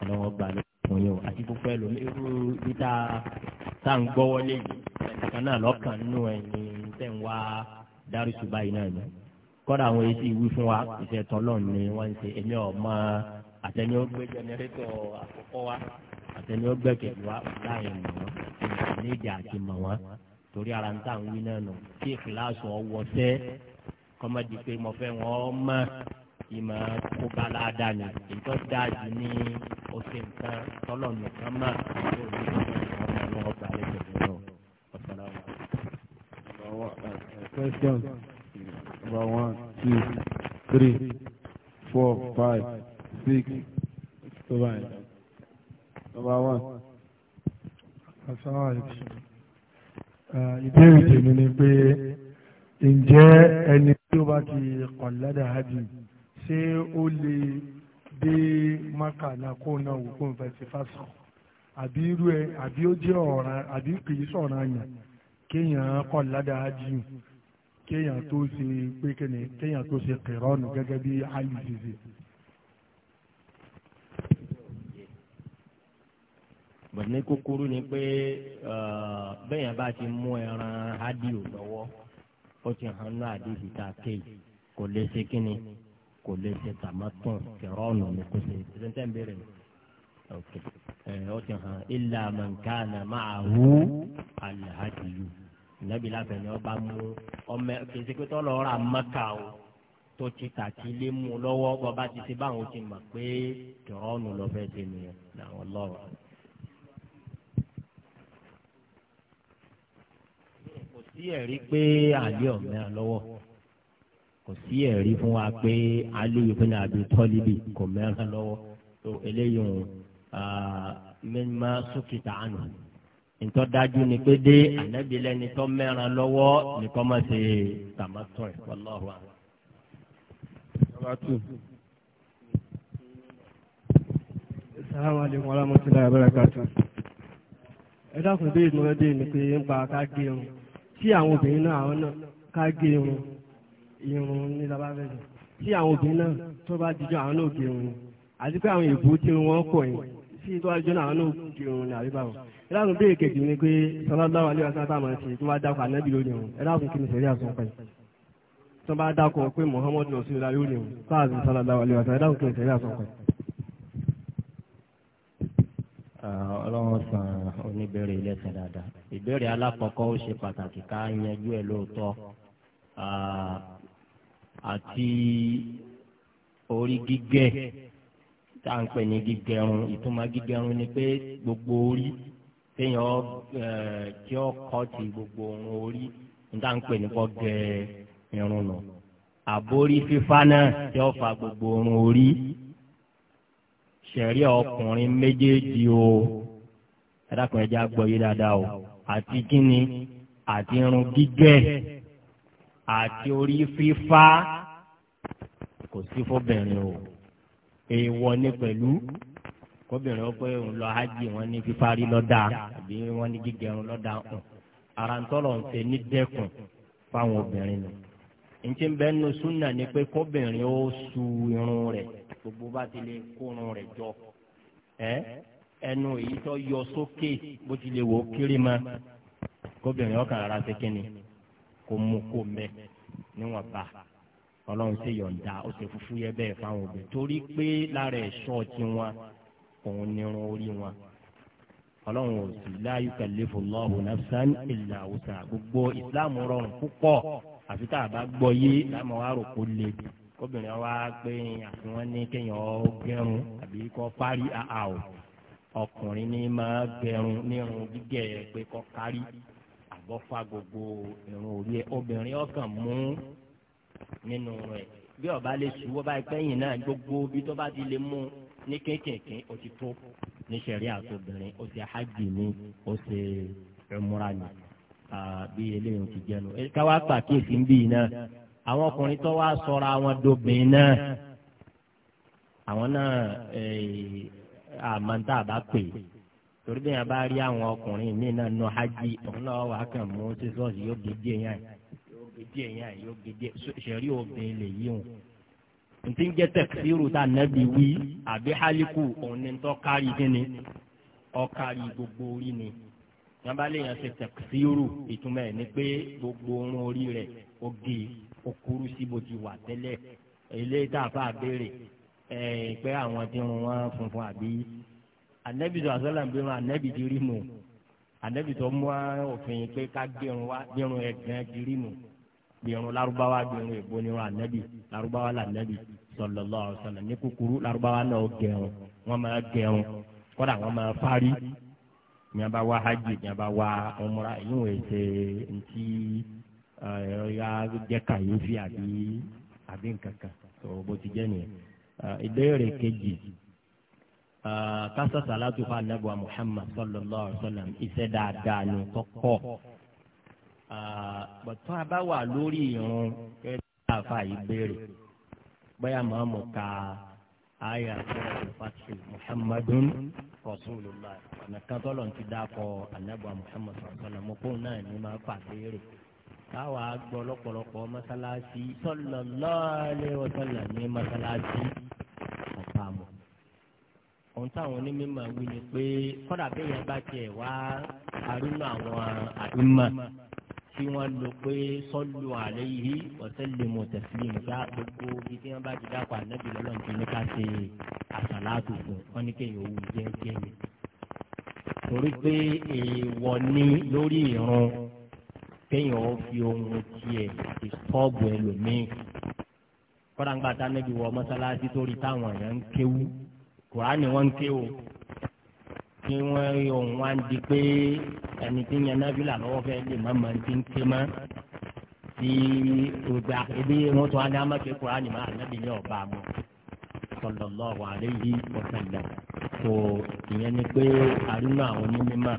ọlọ́run gbà lóko yẹn o àti gbogbo ẹ lómi irú níta tá à ń gbọ́ wọlé yìí ẹnìkan náà lọ́kàn nínú ẹ̀yìn tẹ̀ ń wá dárúsù báyìí náà ni kọ́dà àwọn èsì wí fún wa ìṣẹ́ tọ́lọ́ ni wọ́n ń ṣe èmi ọ̀mọ́ àtẹni ó gbé jẹnẹrétọ̀ àkọ́kọ́ wa àtẹni ó gbẹ̀kẹ̀ wa láàyè mọ̀ wọ́n ìdí àti mọ̀ wọ́n torí ara ń tà ń wí náà nù kí ìkìláàsì ọwọ́ sẹ́ kọ́mọ́dé pé mo fẹ́ wọ́n mọ́ ìmọ̀ kó bá dáadáa ni ìtọ́ dáa jù ní oṣù nǹkan tọ́lọ̀ nìkan mọ́ ìlú òní ọmọ ọmọ ọgbà lẹ́sẹ̀ lọ́wọ́ ọ̀sán Question number one, two, three, four, five, six, seven. Number one. Assalamu alaikum ìbéèrè tèmi ni pé ǹjẹ́ ẹni tí ó bá ti kọ̀lẹ́dà hajj ṣé ó lè dé maka náà kó náà wò kó n fẹ́ ti fásọ̀ àbí irú ẹ àbí ó jẹ́ ọ̀ràn àbí kìí sọ̀ràn àyàn kéèyàn kọ̀lẹ́dà hajj kéèyàn tó ṣe pé kéèyàn tó ṣe kẹrọ́ọ̀nù gẹ́gẹ́ bí ayé ṣe ṣe. bọ̀dé kúkúrú ni pé bẹ́yàn bá ti mú ẹran ádìo lọ́wọ́ ó ti hàn ní àdìsí tá a kéyì kò lè ṣe kínni kò lè ṣe tàmátàn kẹrọ́ọ̀nù ni kò ṣe ṣẹ́ńtẹ́ ń bèrè ni ó ti hàn ilà mọ̀nkánà máa hu alhadiyu nàbí láfẹ̀ ni ọba mú ọmọ kìsì pé tọ́lọ̀ ọ̀rà mẹ́ka o tó ti tàkì lé mu lọ́wọ́ bọ́ba ti ṣe báwọn ti mọ̀ pé kẹrọ́ọ̀nù lọ́fẹ́ ṣe nìyẹn làwọn lọ́rọ̀. sí ẹ̀rí pé àlẹ́ ọ̀mẹ́ra lọ́wọ́ kò sí ẹ̀rí fún wa pé aliyu bin abi tọ́líbì kò mẹ́ra lọ́wọ́ tó eléyìí mẹ́ma sókìtà àná ntọ́ dájú ni pé dé ànábi lẹ́ni tó mẹ́ra lọ́wọ́ nìkan má ṣe tàmátọ̀ ẹ̀ wallahu a'lam. Assalamu alaikum warahmatullahi wabarakatuh. ẹ dákun bí ìdúró dé ni pé ń pa ká gé irun tí àwọn obìnrin náà àwọn náà ká gé irun irun ní labafẹsẹ tí àwọn obìnrin náà tó bá dijọ́ àwọn náà gé irun àti pé àwọn èèbù tí wọn kọ yìí sí tó bá dijọ́ àwọn náà gé irun ní àríbá wọn ẹ dákun bí èkejì ni pé sallallahu alaihi wasallam tá a máa ṣe tó bá dákọ ànábì lónìí wọn ẹ dákun kí ni sẹrí àsọ pẹ tó bá dákọ pé Muhammad rasulillah lónìí wọn fáàzì sallallahu alaihi wasallam ẹ dákun kí ni sẹrí àsọ pẹ oníbèrè ilẹ̀sìn dáadáa ìbéèrè alákọ̀ọ́kọ́ ó ṣe pàtàkì ká yanjú ẹ̀ lóòótọ́ àti orí gígẹ̀ tá à ń pè ní gígẹrun ìtumọ̀ gígẹrun ni pé gbogbo orí téèyàn tí ó kọ́ ti gbogbo ohun orí ní tá à ń pè ní kọ́ gẹ irun nù àbórí fífá náà tí ó fa gbogbo ohun orí ṣẹ̀rí ọkùnrin méjèèjì o ẹ̀dàkùn ẹja gbọ́ yé dáadáa o àti kíni àti irun gígẹ̀ àti orí fífá kò sí fóbìnrin o èèwọ̀ ni pẹ̀lú kóbìnrin ó pé òun lọ hajj wọn ní fífárí lọ́dà àbí wọn ní gígẹ̀ irun lọ́dà hàn ara ń tọ́lọ̀ ń ṣe ní dẹ́kun fáwọn obìnrin nù ntí ń bẹ́ẹ̀ nu súnà ni pé kóbìnrin ó su irun rẹ̀ gbogbo bá ti lè kó irun rẹ̀ jọ ẹ́. Eh? ẹnu èyí tó yọ sókè bó ti lè wò ó kéré ma kóbìnrin ọkàn ara ṣe kínni kò mú kó mẹ níwọ̀n bá ọlọ́run ṣe yọ̀ǹda ó ṣe fúfú yẹ bẹ́ẹ̀ fáwọn òbí torí pé lára ẹ̀ṣọ́ tiwọn òun nírun orí wọn ọlọ́run ò sì la yukallifu Allahu nafsan illa wusa gbogbo ìsìláàmù rọrùn púpọ̀ àfi tá a bá gbọ́ yé láàmú wa rò kó le kóbìnrin wa pé àfi wọn ní kéèyàn ó gẹrun àbí kó parí àhà o ọkùnrin ní máa gẹrun nírun gígẹ̀ ẹ̀ pé kọ́ kárí àbọ̀fà gbogbo irun orí ẹ̀ obìnrin ọkàn mú nínú rẹ̀ bí ọba lè ṣubú ọba ìpẹ́yìn náà gbogbo bí tó bá ti lè mú ní kéékèèké ó ti tó ní sẹ̀rí àtòbìnrin ó ti hajj ní ó ṣe ẹ̀múra ní bí eléyìí ti jẹnu. káwá pàkíyèsí ń bì náà àwọn ọkùnrin tó wá sọra wọn dobìn náà àwọn náà àmọ́ tá a bá pè é torí bẹ́ẹ̀ yẹn bá rí àwọn ọkùnrin míì náà nù hajj òun náà wà á kàn mú sísọ́ọ̀sì yóò gidi èèyàn yóò gidi èèyàn yóò gidi sẹ̀rí obìnrin lè yí wọn. ntí ń jẹ́ tẹ̀síìrù tá nẹ́bi wí àbí hálíkù òun ni tó kárí kíni ọ̀kárí gbogbo orí ni. yẹn bá lè yàn ṣe tẹ̀síìrù ìtumọ̀ ẹ̀ ni pé gbogbo orun orí rẹ̀ ó gé okuru síbo ti wà tẹ́lẹ̀ eléyìí tá a fà béèrè pé àwọn tí wọ́n funfun àbí anabi sọ àṣọlá bí wọn anabi ti rí mu anabi tó mú òfin pé ká gbẹrun wá gbẹrun ẹ̀gbẹ́ ti rí mu gbẹrun Lárúbáwá gbẹrun èbó ni wọn anabi Lárúbáwá là anabi sallallahu alaihi wasallam ní kúkúrú Lárúbáwá náà gẹrun wọn máa gẹrun kódà wọn máa fárí ní a bá wá hajj ní a bá wá umra èyí wọ́n ṣe ntí ẹ̀rọ ya jẹ́ kàyéfì àbí àbí nǹkan tó bó ti jẹ́ nìyẹn ìbéèrè kejì kásá sàlátù fún anábùwà Muhammad sallallahu alayhi wa sallam iṣẹ́ dáadáa ni kọ́kọ́ bọ̀tún a bá wà lórí irun kẹ́kẹ́ àfa ìbéèrè bóyá màá mú ka àyà fati Muhammadun rasulullah ọ̀nà kan tọ́lọ̀ ti dáa kọ anábùwà Muhammad sallallahu alayhi wa sallam mo kó náà ní máa fà béèrè táwa gbọ́ lọ́pọ̀lọpọ̀ mọ́sálásí sallallahu alaihi wasallam ní mọ́sálásí ọ̀pá mọ́. ohun táwọn onímọ̀ wí ni pé kọ́dà bẹ́ẹ̀ yẹn bá tiẹ̀ wá arúnú àwọn àdúmọ̀ tí wọ́n lò pé sallu alaihi wa sallimu taslima nígbà gbogbo ibi tí wọ́n bá ti dákọ̀ ànábì lọ́lọ́run ti ní ká ṣe àṣàlátù fún wọn ní kéèyàn òwú jẹ́jẹ́ ni. torí pé èèwọ̀ ni lórí ìrun kéèyàn ó fi ohun tiẹ̀ ìsọ́ọ̀bù ẹlòmíì kọ́dà ń gba ta níbi wọ mọ́sálásí torí táwọn èèyàn ń kéwú kùránì wọ́n ń ké o kí wọ́n rí ohun wá ń di pé ẹni tí ń yan nábìlà lọ́wọ́ fẹ́ lè má máa ti ń ké mọ́ tí gbogbo àkébí wọn tún á ní amáké kùránì máa nábì ní ọ̀bá mọ́ sallallahu alaihi wasallam tó ìyẹn ni pé àrínú àwọn onímọ̀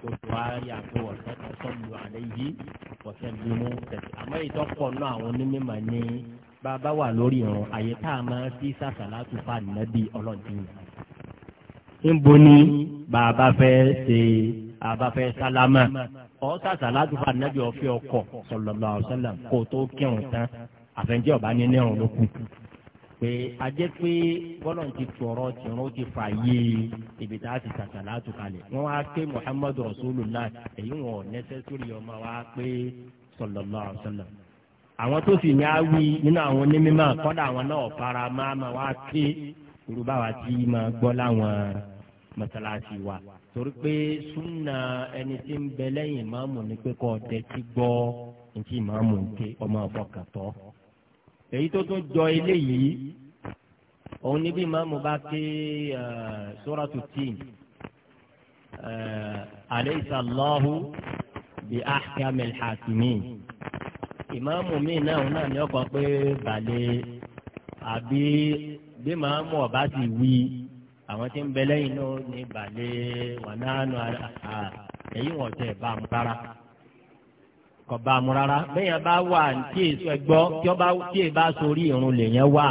gbogbo ayé àti wọ̀sẹ̀ sọ́lù àlẹ́ yìí wọ̀sẹ̀ bímú tẹ̀sí. àmọ́ ìtọ́pọ̀ náà àwọn onímọ̀ ní bàbá wà lórí ìrùn àyè tá a máa fi sàṣàlá tó fà nàbí ọlọ́dún. níbo ni bàbá fẹ́ ṣe bàbá fẹ́ sálámà ọ sàṣàlá tó fà nàbí ọ̀fẹ́ ọkọ̀ sallallahu alaihi wasallam kó tó kírun tán àfẹnjẹ́ ọ̀bá nínú ẹ̀rùn lókun pé a jẹ́ pé bọ́lọ̀ ti tọrọ tìrún ó ti fà yé ibi tá a ti tàtà látò kalẹ̀ wọ́n wá pé muhammadu rasulullah èyí wọn ò nẹ́sẹ̀sìrì ọmọ wa pé sallallahu alaihi wasallam. àwọn tó sì ní awí nínú àwọn onímọ̀ kọ́dà àwọn náà fara máa ma wá pé yorùbá wa ti máa gbọ́ láwọn mọ́sálásí wa torí pé súnà ẹni tí ń bẹ lẹ́yìn ìmáàmù ni pé kọ́ ọ̀dẹ́ ti gbọ́ ní ti ìmáàmù ń ké ọmọ ọ̀fọ̀kàtọ́ èyí tó tún jọ eléyìí òun níbi ìmáàmù bá ké sóràtú tíì alaysa Allahu bi ahkamil hakimin ìmáàmù mi náà òun náà ní ọkọ̀ pé balẹ̀ àbí bí ìmáàmù ọba sì wí àwọn tí ń bẹ lẹ́yìn náà ní balẹ̀ wà náà nù àhà èyí wọ́n tẹ̀ bá ń para kò bá mu rárá bẹ́yẹn bá wà tí èso ẹgbọ́ tí ọba tí èbá sórí irun lèyẹn wà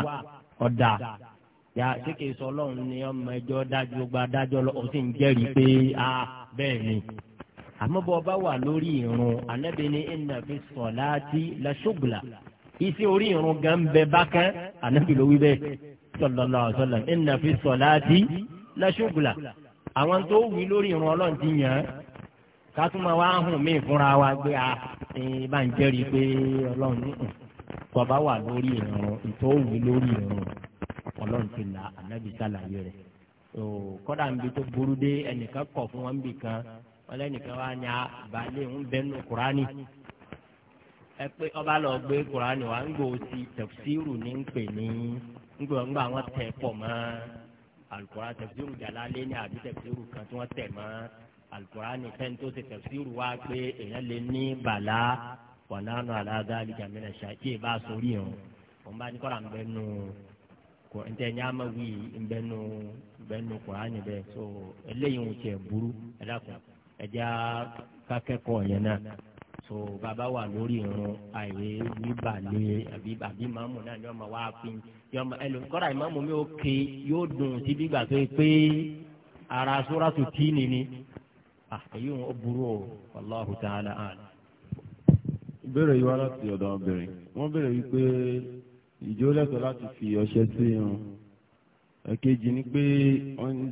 ọ̀dà yà sékè sọ ọlọ́run ni ọmọ ẹjọ́ dájú gba dájọ́ lọ òun sì ń jẹ́rìí pé a bẹ́ẹ̀ ni àmọ́ bọ́ ọba wà lórí irun Ànábì ní inna fi salati la shughla iṣẹ́ orí irun gan bẹ bákan Ànábì ló wí bẹ́ẹ̀ sallallahu alaihi wasallam fi salati la shughla àwọn tó wí lórí irun ọlọ́run kátùmọ̀ wa hùn mí fúnra wa gbé a ah, bá ń jẹ́rìí pé ọlọ́run bàbá wà lórí ìrun ìtọ́ òwú lórí ìrun ọlọ́run ti la ànábì sàlàyé rẹ̀ kọ́dà ń bi tó burú dé ẹnìkan kọ̀ fún wọn bì kan wọn lẹ́nìkan wá ní abalẹ̀ ah, ń bẹ́nu kúránì ẹ pé ọba lọ gbé kúránì wa ń gbò sí tẹ̀síìrù ní ń pè ní ń gbò ń gbà wọn tẹ̀ pọ̀ mọ́ alukóra tẹ̀síìrù jàlá lé ní àbí tẹ̀síìrù kan tí wọ́n tẹ̀ mọ́ alukurani fẹ́ni tó ṣe tafsiru wá pé èèyàn lè ní bàlá wọnánú aláàgáàlì jàmínà ṣáàkì bá a sórí yẹn wọn bá ní kọ́ra ń bẹ nù kò ń tẹ ẹ̀yàn máa ń bẹ nù bẹ nù kurani bẹ so eléyìí ń tiẹ̀ burú ẹ dákun ẹ já yẹn náà so bàbá wà lórí irun àìwé wíbàlẹ̀ àbí àbí màmú náà ni wọ́n máa wá pín yọmọ ẹlòmí kọ́ra ìmọ̀mù mi ò ké yóò dùn síbi gbà pé pé ara sóràtù tí nìní. Ah, èyí wọn ó burú o Allahu ta'ala àná. ìbéèrè yìí wá láti ọ̀dọ̀ obìnrin wọ́n béèrè wípé ìjó lẹ́tọ̀ọ́ láti fi ọṣẹ sí irun èkejì ni pé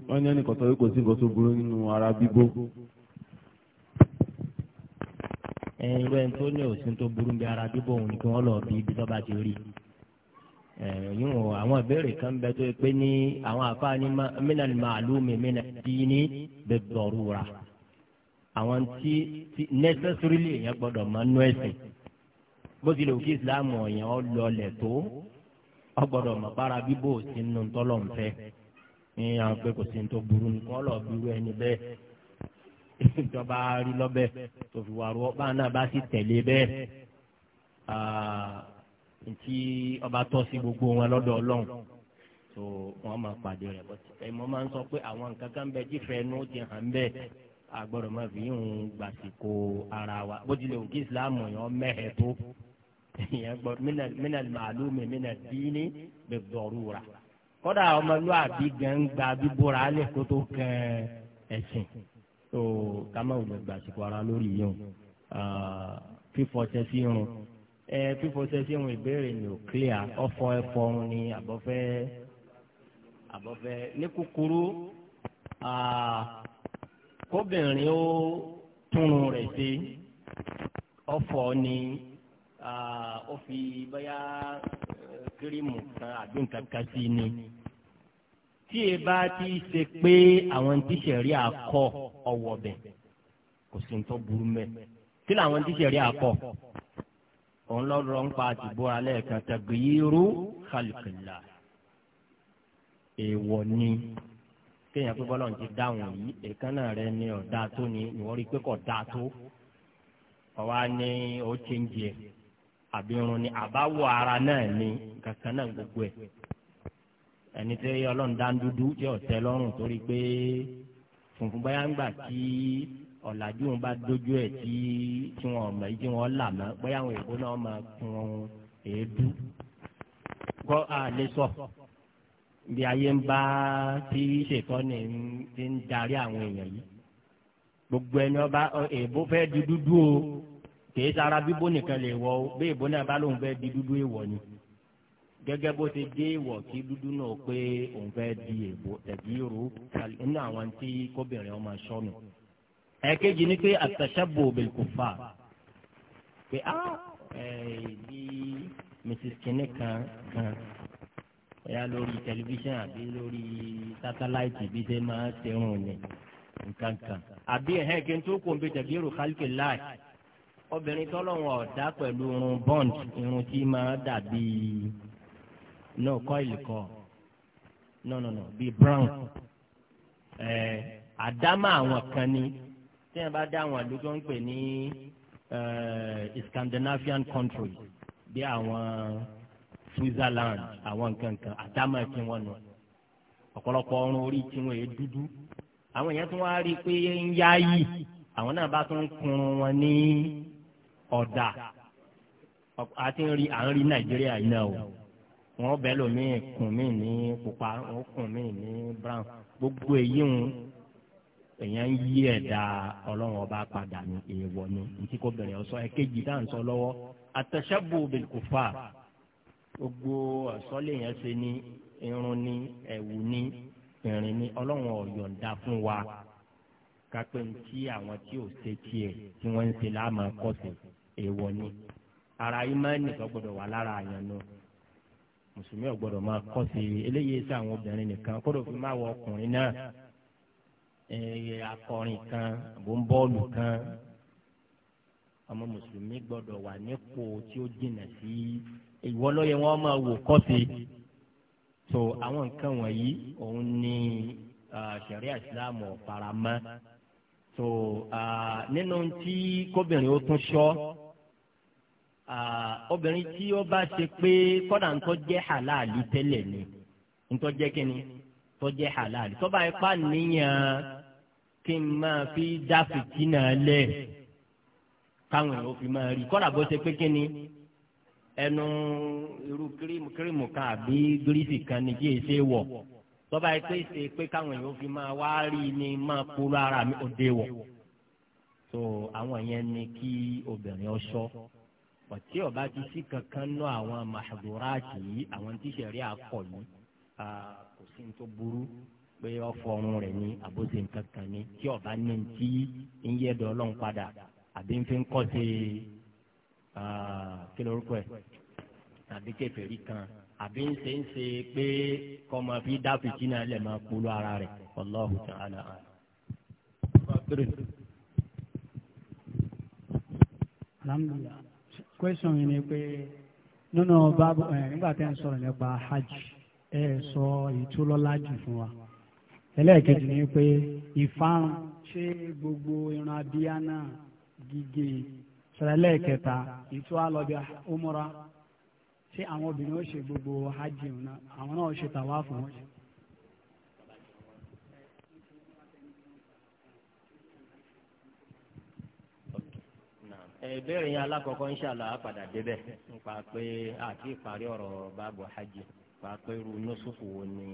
wọ́n ní ẹnìkan sọ pé nǹkan tó burú nínú ara bíbó. irú ẹni tó ní tó burú bí ara bíbó òun ni kí wọ́n lọ bí ibi tó bá ti rí yíwọ àwọn ìbéèrè kan bẹ tó pé ní àwọn àfáàní mínà màálùmí mínà dínní bẹ dọrùra àwọn tí necessarily èèyàn gbọ́dọ̀ máa nú ẹ̀sìn bó tilẹ̀ òkè ìsìláàmù ọ̀yàn ọlọlẹ̀ tó ọgbọ́dọ̀ mọ̀ bára bíbò sínú tọ́lọ̀mùfẹ́ ní àwọn pé kò sí ní tó burú nìkan lọ bírú ẹni bẹ́ẹ̀ ìjọba rí lọ́bẹ̀ tó fi wà rọ́ bá náà bá sì tẹ̀lé bẹ́ẹ̀ ntí ọba tọ́ sí gbogbo wọn lọ́dọ̀ ọlọ́run tó wọ́n máa pàdé rẹ̀ bọ́tí ẹ̀ mọ́ máa ń sọ pé àwọn nǹkan kan bẹ tí nù ó ti hàn bẹ́ẹ̀ àgbọ̀dọ̀ máa fi ń gbàsìkò ara wa bó tilẹ̀ òkè ìsìláàmù yẹn mẹ́hẹ̀ tó ìyẹn gbọ́ mínà màálù mi mínà dínní bẹ̀ dọ̀rù ra kọ́dà ọmọlúwàbí gan gba bíbóra alẹ́ kó tó kàn ẹ̀sìn tó ká má gbàsìkò ara lórí yìí o fífọṣẹ sí irun ẹ fífọṣẹ sí irun ìbéèrè ni clear ọfọ ẹfọrun ni àbọ̀fẹ́ àbọ̀fẹ́ ní kúkúrú kóbìnrin ó túnrun rẹ̀ ṣe ọ̀fọ̀ ni ó fi bóyá eh, kírímù kan àbí nǹkan kan sí ni tí e bá ti ṣe pé àwọn tíṣẹ̀rí àkọ ọ̀wọ̀ bẹ̀ kò sí ní tó burú mẹ́ kí làwọn tíṣẹ̀rí àkọ òun lọ́rọ̀ ń pa àtìbó alẹ́ kan tàgbéyìírú khalqillah èèwọ̀ ni kéèyàn pé bọ́lá ń ti dáhùn yìí èékánná rẹ ni ọ̀dà tó ni ìwọ́n rí i pé kò dáa tó ọ̀wá ni ó ti ń jẹ àbí irun ni àbáwọ̀ ara náà ni kankan náà gbogbo ẹ̀ ẹni tí ọlọ́run dá ń dúdú tí ọ̀tẹ́ lọ́rùn torí pé funfun báyà ń gbà tí ọ̀làjú wọn bá dójú ẹ̀ tí tí wọn ọ̀mọ̀ yìí tí wọn là mọ́ bóyá àwọn èèbó náà máa kun èédú kọ́ àlẹ́ sọ bí ayé ń bá tí ṣètọ́ni ti ń darí àwọn èèyàn yìí gbogbo ẹni ọba èèbó fẹ́ di dúdú o kìí sara bíbó nìkan lè wọ o bí èèbó náà bá lóun fẹ́ di dúdú èèwọ̀ ni gẹ́gẹ́ bó ti dé ìwọ̀ kí dúdú náà pé òun fẹ́ di èèbó tẹ̀bí ìró nínú àwọn tí kóbìnrin ọmọ sọnù. ẹ̀ẹ́kejì ni pé àtàṣàbò bil kuffar pé á ah, ẹ̀ mrs kìnnìkan kan bóyá lórí tẹlifíṣàn àbí lórí sátáláìtì bí ṣe máa tẹrùn ní nǹkan kan. àbí ẹ̀hẹ́ kí n tó kó n bẹ tẹ̀bí rò kálíkì láì obìnrin tọ́lọ́wọ̀n ọ̀dá pẹ̀lú irun bond irun tí máa dàbí náà kọ́ìlì kọ́ no no no bíi brown ẹ̀ẹ́ àdámà àwọn kan ni tí wọ́n bá dá àwọn ìlú tó ń pè ní Scandinavian countries bí àwọn. Uh, Switzerland àwọn nǹkan kan àdámọ̀ tí wọ́n nù ọ̀pọ̀lọpọ̀ ọrùn orí tí wọ́n yẹ dúdú àwọn èèyàn tí wọ́n á rí i pé ń yá yìí àwọn náà bá tún ń kun wọn ní ọ̀dà àti rí à ń rí Nàìjíríà yìí náà o wọn bẹ lómiì kùn mí ní pupa wọn kùn mí ní brown gbogbo èyí ń èèyàn ń yí ẹ̀dá ọlọ́run ọba padà ní èèwọ̀ ni ntí kò bẹ̀rẹ̀ ọ̀sọ́ ẹ̀kejì dáhùn sọ lọ́wọ́ àtẹ̀sẹ́bù bil kufar gbogbo àsọ́lé yẹn ṣe ní irun ní ẹ̀wù ní ìrìn ní ọlọ́run ọ̀yọ̀ǹda fún wa kápẹ́ ní tí àwọn tí ò ṣe tiẹ̀ tí wọ́n ń ṣe láàmú kọ́sẹ̀ èèwọ̀ ni ara imáni kan gbọ́dọ̀ wà lára àyàn náà mùsùlùmí ò gbọ́dọ̀ máa kọ́sẹ̀ eléyìí sí àwọn obìnrin nìkan kó ló fi máa wọ ọkùnrin náà akọrin kan àbò ń bọ́ọ̀lù kan ọmọ mùsùlùmí gbọ́dọ̀ wà nípò tí ó jìnà sí ìwọ lọ́yẹ wọn máa wò kọ́sí so àwọn nǹkan wọ̀nyí òun ni ṣẹ̀ríà ìsìláàmù ọ̀faramọ́ so nínú tí kóbìnrin ó tún ṣọ́ obìnrin tí ó bá ṣe pé kọ́dà ń tọ́ jẹ́ halali tẹ́lẹ̀ ni ń tọ́ jẹ́ kínní tọ́ jẹ́ halali tọ́ bá ipá níyàn kí n máa fi dá fìtínà lẹ̀ táwọn èèyàn fi máa rí kọ́dà bó ṣe pé kí ni ẹnu irú kírímù kírímù kan àbí gírísì kan ni kí èsè wọ̀ tọ́ba yìí pé pé káwọn èèyàn fi máa wá rí ni máa polú ara mi ò dé wọ̀ so àwọn yẹn ni kí obìnrin ọṣọ ọtí ọba ti sí kankan náà àwọn mahaduraati yìí àwọn tíṣẹ̀rí akọ yìí kò sí tó burú pé ọfọrun rẹ̀ ní àbóse nǹkan kan ní tí ọba ní ti ń yẹ dọ́ ọlọ́run padà àbí ń fi ń kọ́ sí kí lorúkọ ẹ̀ tàbí kèfèrí kan àbí ń ṣe ń ṣe pé kọ́mọ fi dá fìtínà lẹ̀ máa polú ara rẹ̀ Allahu ta'ala. alhamdulilah question yìí ni pé nínú báàbù ẹ nígbà tẹ́ ń sọ̀rọ̀ nípa hajj ẹ sọ ìtúlọ́lá jù fún wa ẹlẹ́ẹ̀kejì ni pé ìfarun ṣé gbogbo ìran abíyá náà gígé sẹ̀rẹ̀lẹ̀ kẹta ìtú alọ́bíà umura tí àwọn obìnrin ó ṣe gbogbo hajj náà àwọn náà ṣe tàwa fún wọn. ìbéèrè yẹn alákọ̀ọ́kọ́ inṣàlá padà débẹ̀ nípa pé àti ìparí ọ̀rọ̀ báàbù hajj nípa pé irú wo ni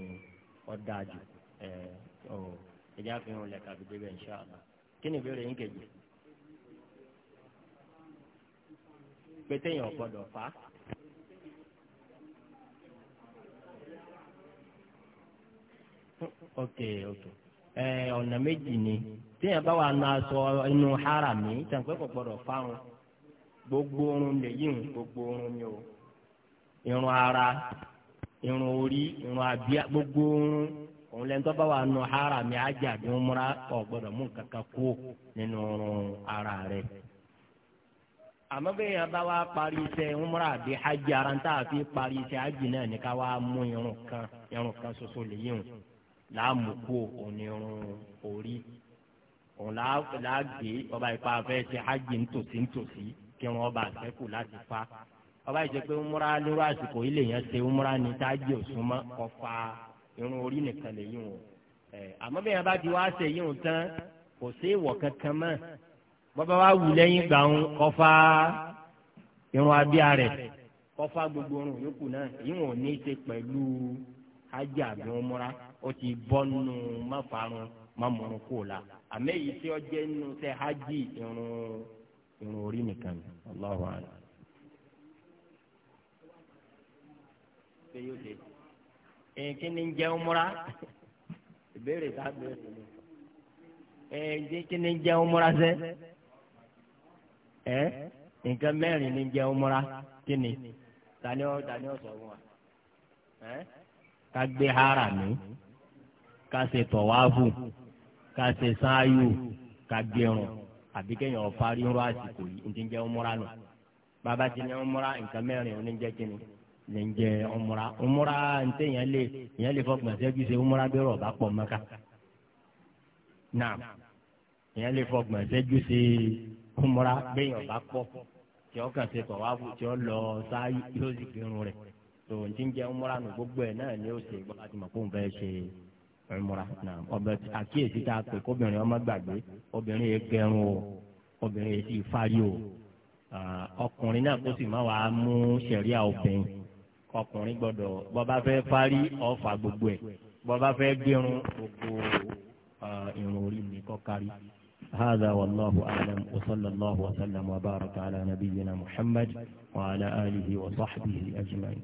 dáa jù lẹ́ka kí pé téèyàn ò ok ẹ ọ̀nà méjì ni téèyàn bá wà nù aṣọ inú hara mi tẹ̀pẹ́ kò gbọ́dọ̀ fáwọn gbogbo orun lèyìn gbogbo orun ni o irun ara irun orí irun abíyá gbogbo orun òun lẹ́nu tó bá wà nù hara mi ajá bí wọ́n múra mú kú àmọ́ bẹ́ẹ̀ yẹn bá wá parí iṣẹ́ umra àbí hajj ara ń tà fi parí iṣẹ́ hajj náà ní ká wá mú irun kan irun kan ṣoṣo lè yíwọ̀n láàmùkú onírun orí òun láàgbé ọba ìpa afẹ́ ṣe hajj ńtòsí ńtòsí kí wọ́n bá àṣẹ́kù láti fa ọba ìṣe pé umra nírú àsìkò ilé yẹn ṣe umra ní tájì òsúnmọ́ ọ̀fà irun orí nìkan lè yíwọ̀n àmọ́ bẹ́ẹ̀ yẹn bá ti wá ṣe yíwọ̀n tán kò sí ìwọ̀ kankan mọ́ bọ́bá wa wù lẹ́yìn gbà ń irun abíyá rẹ̀ kọfá gbogbo irun yòókù náà ìwọ̀n ní í ṣe pẹ̀lú ájà àbí ọmọra ti bọ́ nínú máfarun mámọ̀rún kò la àmọ́ èyí tí ó jẹ́ nínú tẹ irun irun orí ni Allahu a'lam. kí ni ń jẹ́ ọmọra ìbéèrè tá a ẹ́ nǹkan mẹ́rin ní jẹ́ ọmọra kí ni tani ọ tani ọ sọ wọn ẹ́ ká gbé hara mi ká ṣe tọ̀wáfù ká ṣe sáyù ká gbẹrun àbí kéèyàn ọ̀fárí ń rọ àsìkò yìí ní jẹ́ ọmọra nù bàbá ti ní ọmọra nǹkan mẹ́rin ní jẹ́ kí ni lè ń jẹ ọmọra ọmọra ntẹ yẹn lè yẹn lè fọkàn sẹ́jú ṣe ọmọra bí rọ̀ bá pọ̀ mọ́ká náà yẹn lè fọkàn sẹ́jú ṣe kúmúra bẹ́yìn ọ̀bá pọ̀ tí ó kàn ṣe tọ̀wáfù tí ó lọ sáyé yóò sì kírun rẹ̀ tó ń ti ń jẹ́ múra nù gbogbo ẹ̀ náà ni ó ṣe gbọ́dọ̀ àti màkó ń fẹ́ ṣe múra náà ọbẹ̀ àkíyèsí tá a kóbìnrin ọmọ gbàgbé obìnrin yẹn gẹrun o obìnrin yẹn sì fárí o ah, ọkùnrin náà kó sì má wàá mú ṣẹ̀ríà obìnrin ọkùnrin gbọ́dọ̀ bọba fẹ́ fárí ọfà gbogbo ẹ bọba fẹ́ gẹrun gbogbo ah, irun orí mi kọ هذا والله أعلم وصلى الله وسلم وبارك على نبينا محمد وعلى آله وصحبه أجمعين